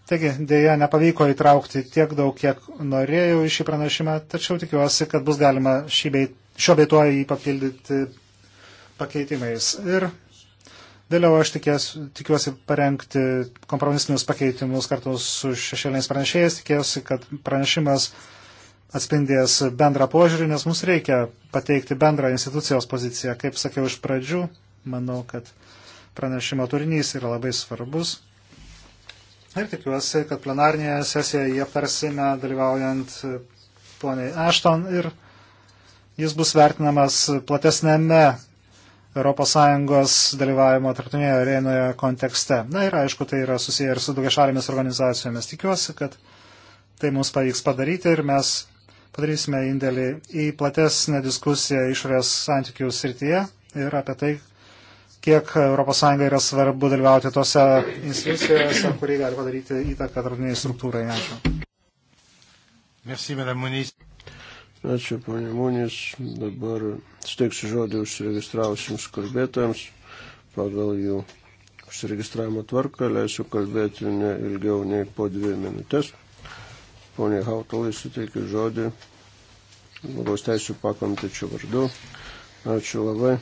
Taigi, dėja, nepavyko įtraukti tiek daug, kiek norėjau į šį pranešimą, tačiau tikiuosi, kad bus galima bei, šio beituo jį papildyti pakeitimais. Ir vėliau aš tikės, tikiuosi parengti kompromisinius pakeitimus kartu su šešėliniais pranešėjais, tikiuosi, kad pranešimas uh, atspindės bendrą požiūrį, nes mums reikia pateikti bendrą institucijos poziciją. Kaip sakiau iš pradžių, manau, kad pranešimo turinys yra labai svarbus. Ir tikiuosi, kad plenarnėje sesijoje jį aptarsime dalyvaujant poniai Ashton ir jis bus vertinamas platesnėme ES dalyvavimo tarptautinėje arenoje kontekste. Na ir aišku, tai yra susiję ir su daugiašalėmis organizacijomis. Tikiuosi, kad tai mums pavyks padaryti ir mes padarysime indėlį į platesnę diskusiją išorės santykių srityje ir apie tai, kiek ES yra svarbu dalyvauti tose institucijose, kurie gali padaryti įtaką tarptautiniai struktūrai. Ačiū. Merci, Ačiū, ponė Mūnės. Dabar steiksiu žodį užsiregistravusiems kalbėtojams pagal jų užsiregistravimo tvarką. Leisiu kalbėti ne ilgiau nei po dvi minutės. Pone Hautalai suteikiu žodį žmogaus teisų pakomitečių vardu. Ačiū labai.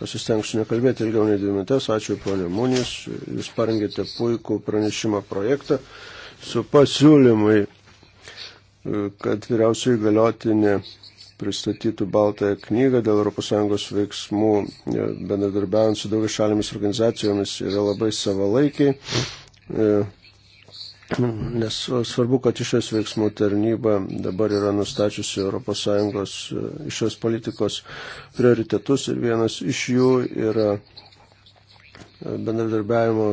Pasistengsiu nekalbėti ilgiau nei dvi minutės. Ačiū, ponė Munis. Jūs parengėte puikų pranešimą projektą su pasiūlymai, kad vyriausiai galiotinė pristatytų Baltąją knygą dėl ES veiksmų, e, bendradarbiaujant su daugia šalimis organizacijomis, yra labai savalaikiai E, nes svarbu, kad išės veiksmų tarnyba dabar yra nustačiusi ES e, išės politikos prioritetus ir vienas iš jų yra e, bendradarbiavimo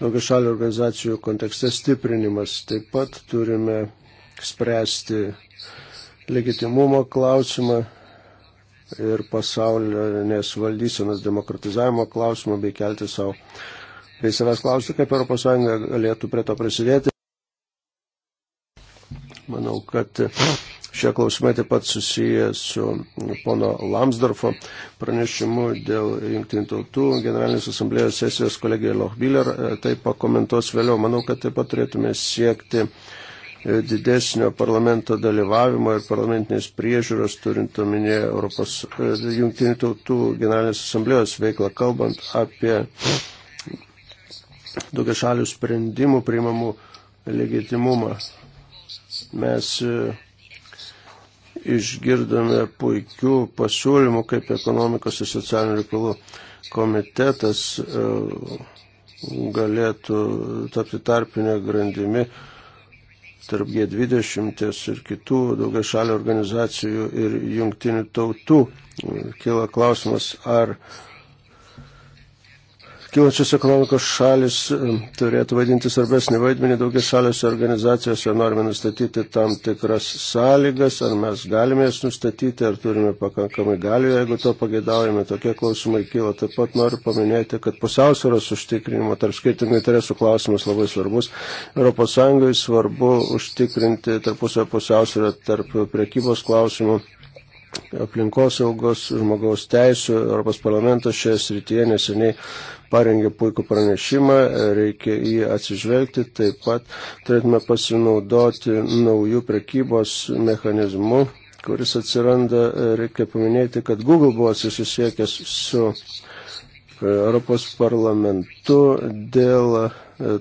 daugiašalių organizacijų kontekste stiprinimas. Taip pat turime spręsti legitimumo klausimą ir pasaulinės valdysenos demokratizavimo klausimą bei kelti savo bei savęs klausti, kaip ES galėtų prie to prisidėti. Manau, kad šie klausimai taip pat susiję su pono Lamsdorfo pranešimu dėl Junktinių tautų generalinės asamblėjos sesijos kolegija Lochbiller. E, tai pakomentuos vėliau. Manau, kad taip pat turėtume siekti e, didesnio parlamento dalyvavimo ir parlamentinės priežiūros, turint omenyje Europos e, jungtinių tautų generalinės asamblėjos veiklą, kalbant apie daugia šalių sprendimų priimamų legitimumą. Mes e, išgirdome puikių pasiūlymų, kaip ekonomikos ir socialinių reikalų komitetas e, galėtų tapti tarpinę grandimi tarp G20 ir kitų daugia šalių organizacijų ir jungtinių tautų. Kila klausimas, ar uh, kilančios ekonomikos šalis e, turėtų vaidinti svarbesnį vaidmenį daugia šaliuose organizacijose, norime nustatyti tam tikras sąlygas, ar mes galime jas nustatyti, ar turime pakankamai galių, jeigu to pageidaujame, tokie klausimai kyla. Taip pat noriu paminėti, kad pusiausvėros užtikrinimo tarp skirtingų interesų klausimas labai svarbus. ES svarbu užtikrinti tarpusio pusiausvėrą tarp priekybos klausimų aplinkosaugos, žmogaus teisų, Europos parlamentas šioje srityje neseniai parengė puikų pranešimą, reikia į jį atsižvelgti, taip pat turėtume pasinaudoti naujų prekybos mechanizmų, kuris atsiranda, reikia paminėti, kad Google buvo susisiekęs su e, Europos parlamentu dėl e,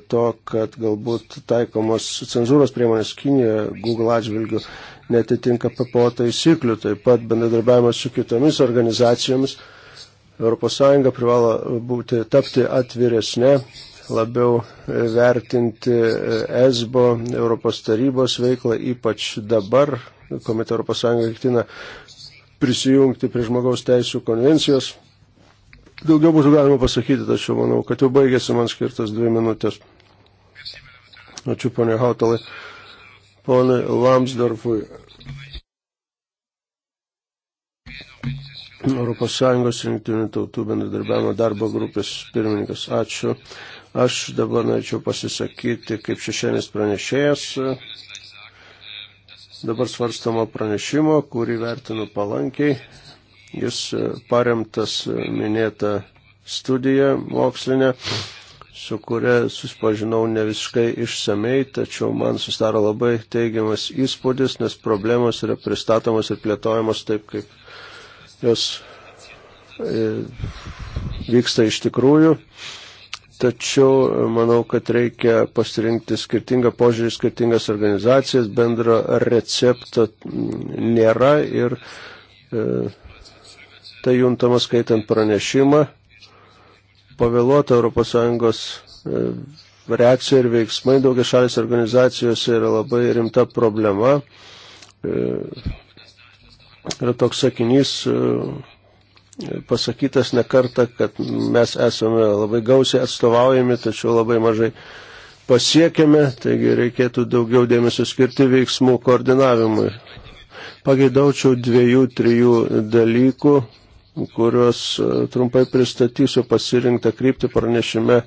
to, kad galbūt taikomos cenzūros priemonės Kinijoje Google atžvilgių netitinka PPO taisyklių, taip pat bendradarbiavimas su kitomis organizacijomis ES privalo būti, tapti atviresnė, labiau vertinti ESBO, e Europos tarybos veiklą, ypač dabar, kuomet ES ketina prisijungti prie žmogaus teisų konvencijos. Daugiau būtų galima pasakyti, tačiau manau, kad jau baigėsi man skirtas dvi minutės. Ačiū, ponė Hautalai. Ponai Lamsdorfui. ES rinktinių tautų bendradarbiavimo darbo grupės pirmininkas. Ačiū. Aš dabar norėčiau pasisakyti kaip šešėlis pranešėjas. Dabar svarstama pranešimo, kurį vertinu palankiai. Jis paremtas minėta studija mokslinė, su kuria susipažinau ne visiškai išsamei, tačiau man susidaro labai teigiamas įspūdis, nes problemos yra pristatomos ir plėtojamos taip, kaip jos e, vyksta iš tikrųjų. Tačiau e, manau, kad reikia pasirinkti skirtingą požiūrį, skirtingas organizacijas, bendro recepto nėra ir e, tai juntama skaitant pranešimą. Pavėluota ES e, reakcija ir veiksmai daugia šalis organizacijose yra labai rimta problema. E, yra toks sakinys e, pasakytas nekarta, kad mes esame labai gausiai atstovaujami, tačiau labai mažai pasiekėme, taigi reikėtų daugiau dėmesio skirti veiksmų koordinavimui. Pageidaučiau dviejų, trijų dalykų, kuriuos e, trumpai pristatysiu pasirinktą kryptį pranešime,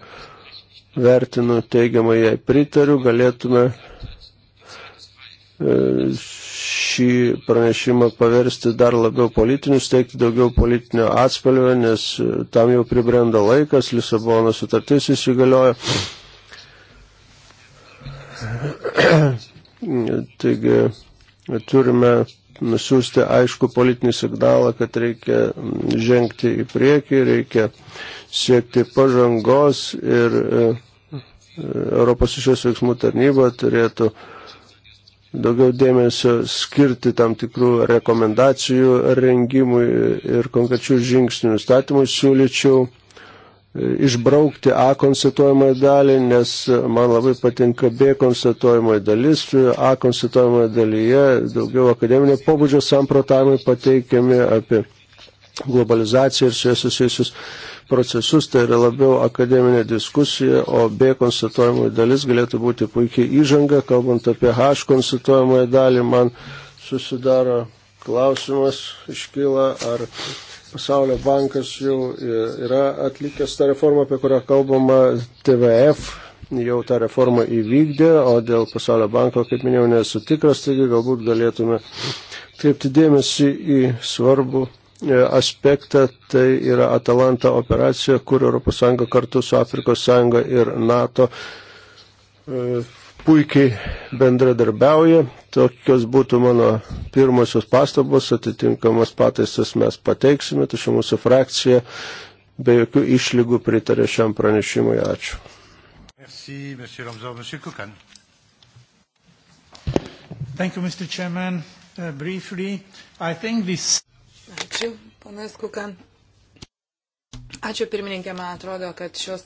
vertinu teigiamai jai pritariu, galėtume e, šį pranešimą paversti dar labiau politiniu, steigti daugiau politinio atspalvio, nes e, tam jau pribrenda laikas, Lisabono sutartis įsigaliojo. Taigi turime nusiųsti aišku politinį signalą, kad reikia mm, žengti į priekį, reikia siekti pažangos ir e, e, Europos išės veiksmų tarnyba turėtų uh, daugiau dėmesio skirti tam tikrų rekomendacijų rengimui ir konkrečių žingsnių nustatymui siūlyčiau e, išbraukti A konstatuojamąją dalį, nes man labai patinka B konstatuojamoji dalis, A konstatuojamoje dalyje daugiau akademinio pobūdžio samprotavimai pateikiami apie globalizaciją ir su jais susijusius procesus, tai yra labiau akademinė diskusija, o B konstatuojamoji dalis galėtų būti puikiai įžanga, kalbant apie H konstatuojamąją dalį, man susidaro klausimas, iškyla, ar Pasaulio bankas jau yra atlikęs tą reformą, apie kurią kalbama TVF, jau tą reformą įvykdė, o dėl Pasaulio banko, kaip minėjau, nesu tikras, taigi galbūt galėtume kreipti dėmesį į svarbų E, aspektą, tai yra Atalanta operacija, kur ES kartu su Afrikos Sąjunga ir NATO e, puikiai bendradarbiauja. Tokios būtų mano pirmosios pastabos, atitinkamas pataisas mes pateiksime, tačiau mūsų frakcija be jokių išlygų pritarė šiam pranešimui. Ačiū. Merci, monsieur Ramzov, monsieur Kukan. Thank you, Mr. Chairman. Uh, briefly, I think this... Ačiū, panas Kukan. Ačiū pirmininkė, man atrodo, kad šios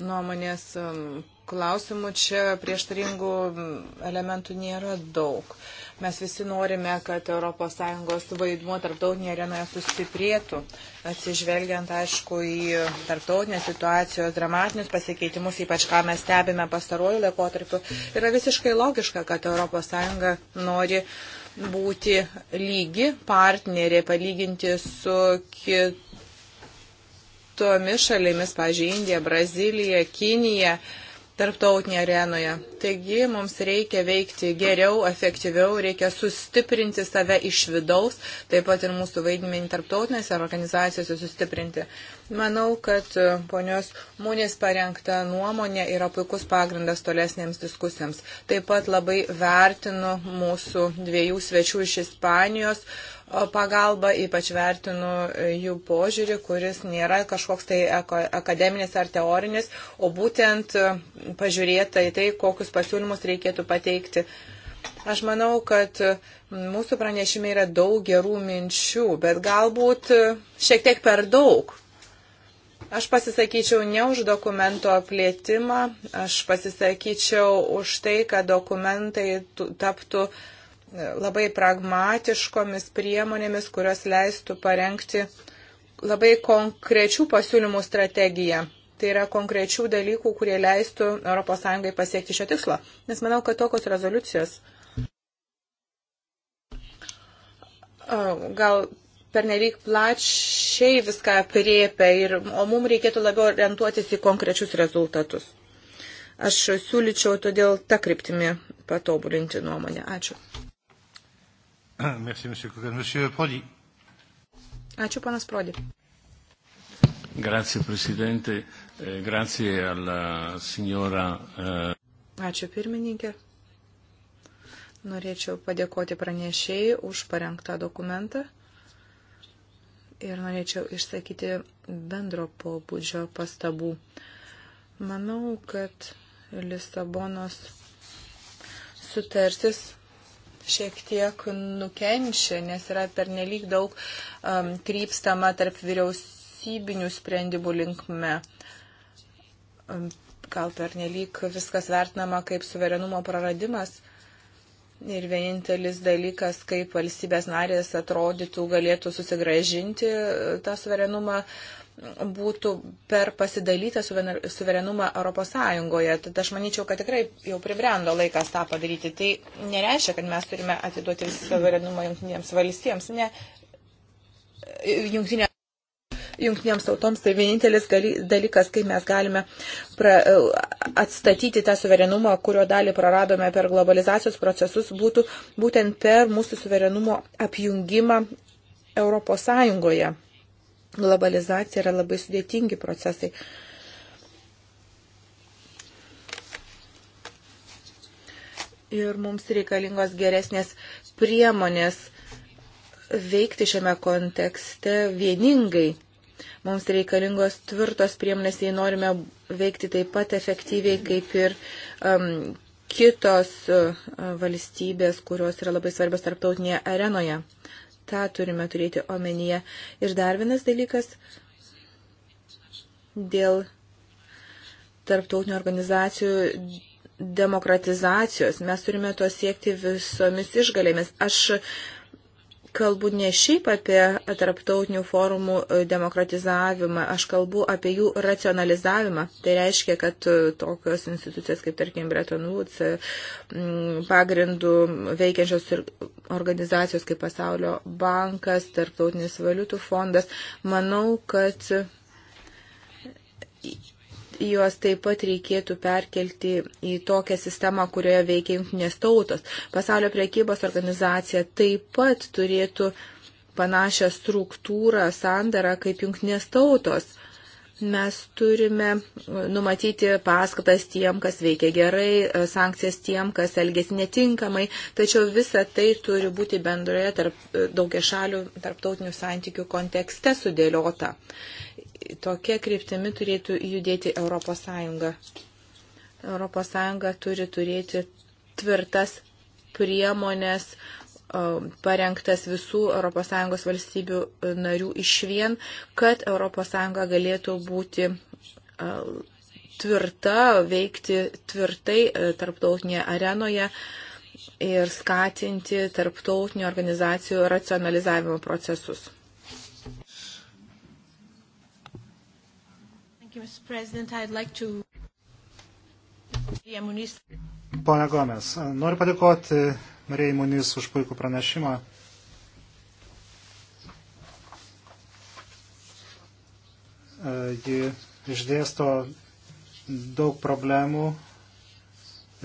nuomonės um, klausimų čia prieštaringų mm, elementų nėra daug. Mes visi norime, kad ES vaidmuo tarptautinėje arenoje sustiprėtų, atsižvelgiant, aišku, į tarptautinės situacijos dramatinius pasikeitimus, ypač ką mes stebime pastaruoju laikotarpiu. Yra visiškai logiška, kad ES nori uh, būti lygi partnerė palyginti su kitomis šalimis, pažiūrėjau, Indija, Brazilija, Kinija. Uh, tarptautinėje arenoje. Taigi mums reikia veikti geriau, efektyviau, reikia sustiprinti save iš vidaus, taip pat ir mūsų vaidmenį tarptautinėse organizacijose sustiprinti. Manau, kad e, ponios Mūnės parengta nuomonė yra puikus pagrindas tolesnėms diskusijams. Taip pat labai vertinu mūsų dviejų svečių iš Ispanijos pagalbą, ypač vertinu e, jų požiūrį, kuris nėra kažkoks tai akademinis ar teorinis, o būtent e, pažiūrėta į tai, kokius pasiūlymus reikėtų pateikti. Aš manau, kad e, mūsų pranešime yra daug gerų minčių, bet galbūt šiek tiek per daug. Aš pasisakyčiau ne už dokumento plėtimą, aš pasisakyčiau už tai, kad dokumentai taptų uh, labai pragmatiškomis priemonėmis, kurios leistų parengti labai konkrečių pasiūlymų strategiją. Tai yra konkrečių dalykų, kurie leistų ES pasiekti šio tikslo. Nes manau, kad tokios rezoliucijos gal pernelyg plačiai viską apriepia, ir, o mums reikėtų labiau orientuotis į konkrečius rezultatus. Aš siūlyčiau todėl tą kryptimį patobulinti nuomonę. Ačiū. Merci, monsieur Kukan. Monsieur Prodi. Ačiū, panas Prodi. Grazie, prezidente. Eh, grazie alla signora. Eh, Ačiū, pirmininkė. Norėčiau padėkoti pranešėjai už parengtą dokumentą ir norėčiau išsakyti bendro pobūdžio pastabų. Manau, kad Lisabonos sutartis šiek tiek nukenčia, nes yra pernelyg daug um, krypstama tarp vyriausybinių sprendimų linkme. Um, gal pernelyg viskas vertinama kaip suverenumo praradimas. Ir vienintelis dalykas, kaip valstybės narės atrodytų, galėtų susigražinti uh, tą suverenumą, um, būtų per pasidalytą suverenumą Europos Sąjungoje. Tad aš manyčiau, kad tikrai jau pribrendo laikas tą padaryti. Tai nereiškia, kad mes turime atiduoti suverenumą jungtinėms valstijams. Ne, jungtinė jungtinėms tautoms tai vienintelis gali, dalykas, kaip mes galime pra, atstatyti tą suverenumą, kurio dalį praradome per globalizacijos procesus, būtų būtent per mūsų suverenumo apjungimą Europos Sąjungoje globalizacija yra labai sudėtingi procesai. Ir mums reikalingos geresnės priemonės veikti šiame kontekste vieningai. Mums reikalingos tvirtos priemonės, jei norime veikti taip pat efektyviai kaip ir um, kitos uh, valstybės, kurios yra labai svarbios tarptautinėje arenoje tą turime turėti omenyje. Ir dar vienas dalykas dėl tarptautinių organizacijų demokratizacijos. Mes turime to siekti visomis išgalėmis. Aš kalbu ne šiaip apie tarptautinių forumų e, demokratizavimą, aš kalbu apie jų racionalizavimą. Tai reiškia, kad e, tokios institucijos kaip, tarkim, Bretton Woods e, pagrindų veikiančios organizacijos kaip Pasaulio bankas, Tarptautinis valiutų fondas, manau, kad juos taip pat reikėtų perkelti į tokią sistemą, kurioje veikia jungtinės tautos. Pasaulio priekybos organizacija taip pat turėtų panašią struktūrą, sandarą kaip jungtinės tautos. Mes turime uh, numatyti paskatas tiem, kas veikia gerai, uh, sankcijas tiem, kas elgesi netinkamai, tačiau visa tai turi būti bendroje tarp, uh, daugia šalių tarptautinių santykių kontekste sudėliota tokia kryptimi turėtų judėti Europos Sąjunga. Europos Sąjunga turi turėti tvirtas priemonės parengtas visų ES valstybių e, narių iš vien, kad ES galėtų būti e, tvirta, veikti tvirtai e, tarptautinėje arenoje ir skatinti tarptautinių organizacijų racionalizavimo procesus. Like to... Pone Gomes, noriu padėkoti Marijai Munis už puikų pranešimą. Ji išdėsto daug problemų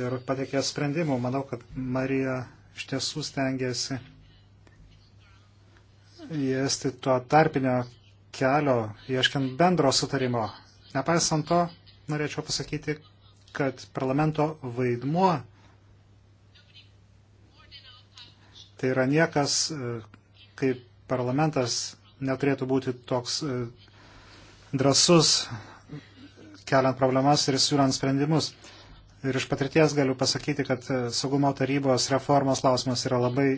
ir patikė sprendimų. Manau, kad Marija iš tiesų stengiasi įesti to tarpinio kelio, ieškiant bendro sutarimo. Nepaisant to, norėčiau pasakyti, kad parlamento vaidmuo tai yra niekas, e, kaip parlamentas neturėtų būti toks e, drasus, keliant problemas ir siūlant sprendimus. Ir iš patirties galiu pasakyti, kad e, saugumo tarybos reformos klausimas yra labai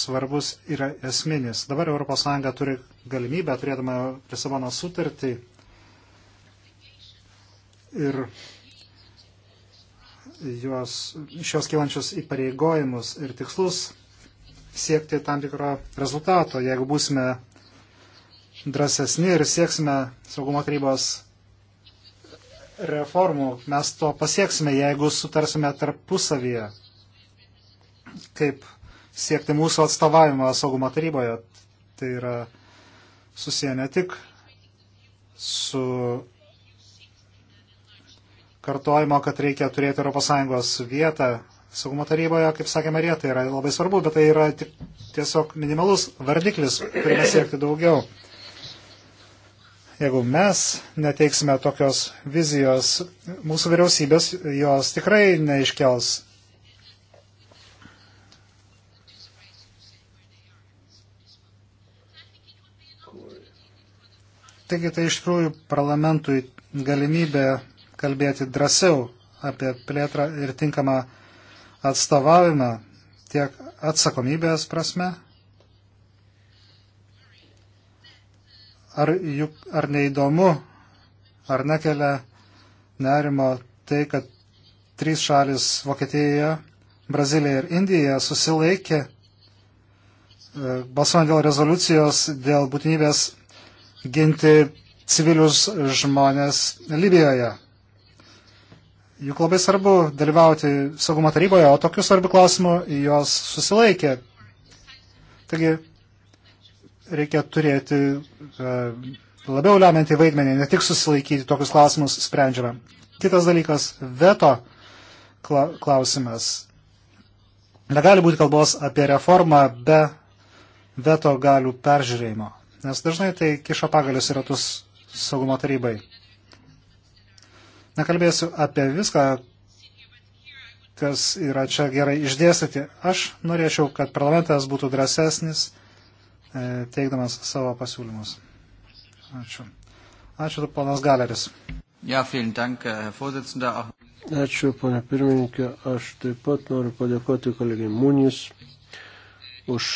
svarbus ir esminis. Dabar ES turi galimybę, turėdama Lisabono sutartį, ir juos, šios kylančius įpareigojimus ir tikslus siekti tam tikro rezultato. Jeigu būsime drąsesni ir sieksime saugumo tarybos reformų, mes to pasieksime, jeigu sutarsime tarpusavyje, kaip siekti mūsų atstovavimo saugumo taryboje. Tai yra susiję ne tik su kartojimo, kad reikia turėti ES vietą saugumo taryboje, kaip sakė Marija, tai yra labai svarbu, bet tai yra tiesiog minimalus vardiklis, turime siekti daugiau. Jeigu mes neteiksime tokios vizijos, mūsų vyriausybės jos tikrai neiškels. Taigi tai iš tikrųjų parlamentui galimybė kalbėti drąsiau apie plėtrą ir tinkamą atstovavimą tiek atsakomybės prasme. Ar, juk, ar neįdomu, ar nekelia nerimo tai, kad trys šalis - Vokietija, Brazilija ir Indija - susilaikė e, balsuojant dėl rezoliucijos dėl būtinybės ginti civilius žmonės Libijoje. Juk labai svarbu dalyvauti saugumo taryboje, o tokių svarbių klausimų jos susilaikė. Taigi reikia turėti e, labiau lemiantį vaidmenį, ne tik susilaikyti tokius klausimus sprendžiame. Kitas dalykas - veto klausimas. Negali būti kalbos apie reformą be veto galių peržiūrėjimo, nes dažnai tai kiša pagalius į ratus saugumo tarybai. Nekalbėsiu apie viską, kas yra čia gerai išdėstyti. Aš norėčiau, kad parlamentas būtų drąsesnis, e, teikdamas savo pasiūlymus. Ačiū. Ačiū, ponas Galeris. Ja, dank, Ačiū, ponė pirmininkė. Aš taip pat noriu padėkoti kolegai Munis už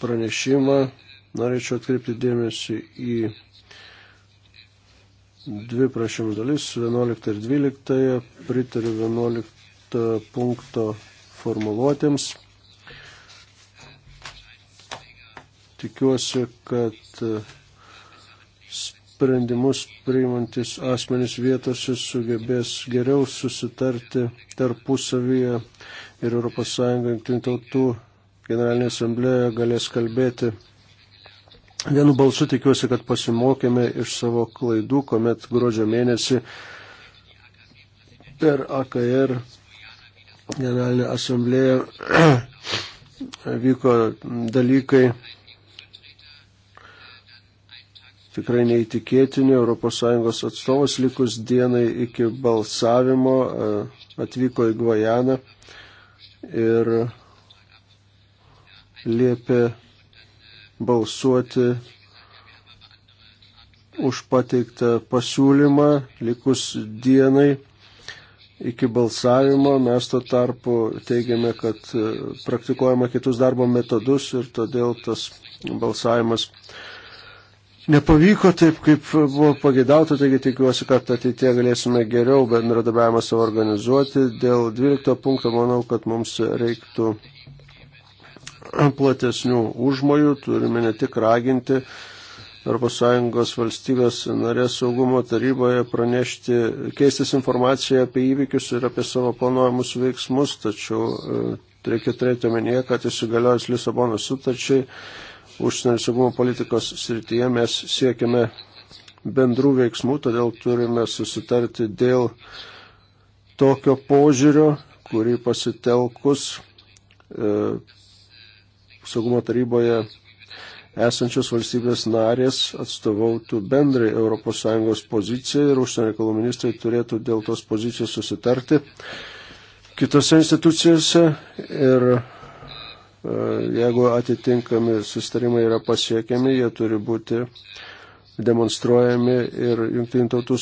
pranešimą. Norėčiau atkreipti dėmesį į dvi prašymų dalis, 11 ir 12, pritariu 11 punkto formuluotėms. Tikiuosi, kad sprendimus priimantis asmenys vietose sugebės geriau susitarti tarpusavyje ir ES tautų generalinė asamblėje galės kalbėti Vienu balsu tikiuosi, kad pasimokėme iš savo klaidų, kuomet gruodžio mėnesį per AKR generalinę asamblėją vyko dalykai tikrai neįtikėtini. ES atstovas likus dienai iki balsavimo e, atvyko į Gvajaną ir liepė balsuoti už pateiktą pasiūlymą likus dienai iki balsavimo. Mes tuo tarpu teigiame, kad praktikuojama kitus darbo metodus ir todėl tas balsavimas nepavyko taip, kaip buvo pagėdauta, taigi tikiuosi, kad ateitie galėsime geriau bendradarbiavimą savo organizuoti. Dėl 12 punkto manau, kad mums reiktų platesnių užmojų, turime ne tik raginti ES valstybės narės saugumo taryboje pranešti, keistis informaciją apie įvykius ir apie savo planuojamus veiksmus, tačiau e, reikia turėti omenyje, kad įsigaliojus Lisabono sutarčiai užsienio saugumo politikos srityje mes siekiame bendrų veiksmų, todėl turime susitarti dėl tokio požiūrio, kurį pasitelkus e, saugumo taryboje esančios valstybės narės atstovautų bendrai ES poziciją ir užsienio reikalų ministrai turėtų dėl tos pozicijos susitarti kitose institucijose ir e, jeigu atitinkami sustarimai yra pasiekiami, jie turi būti demonstruojami ir jungtinių tautų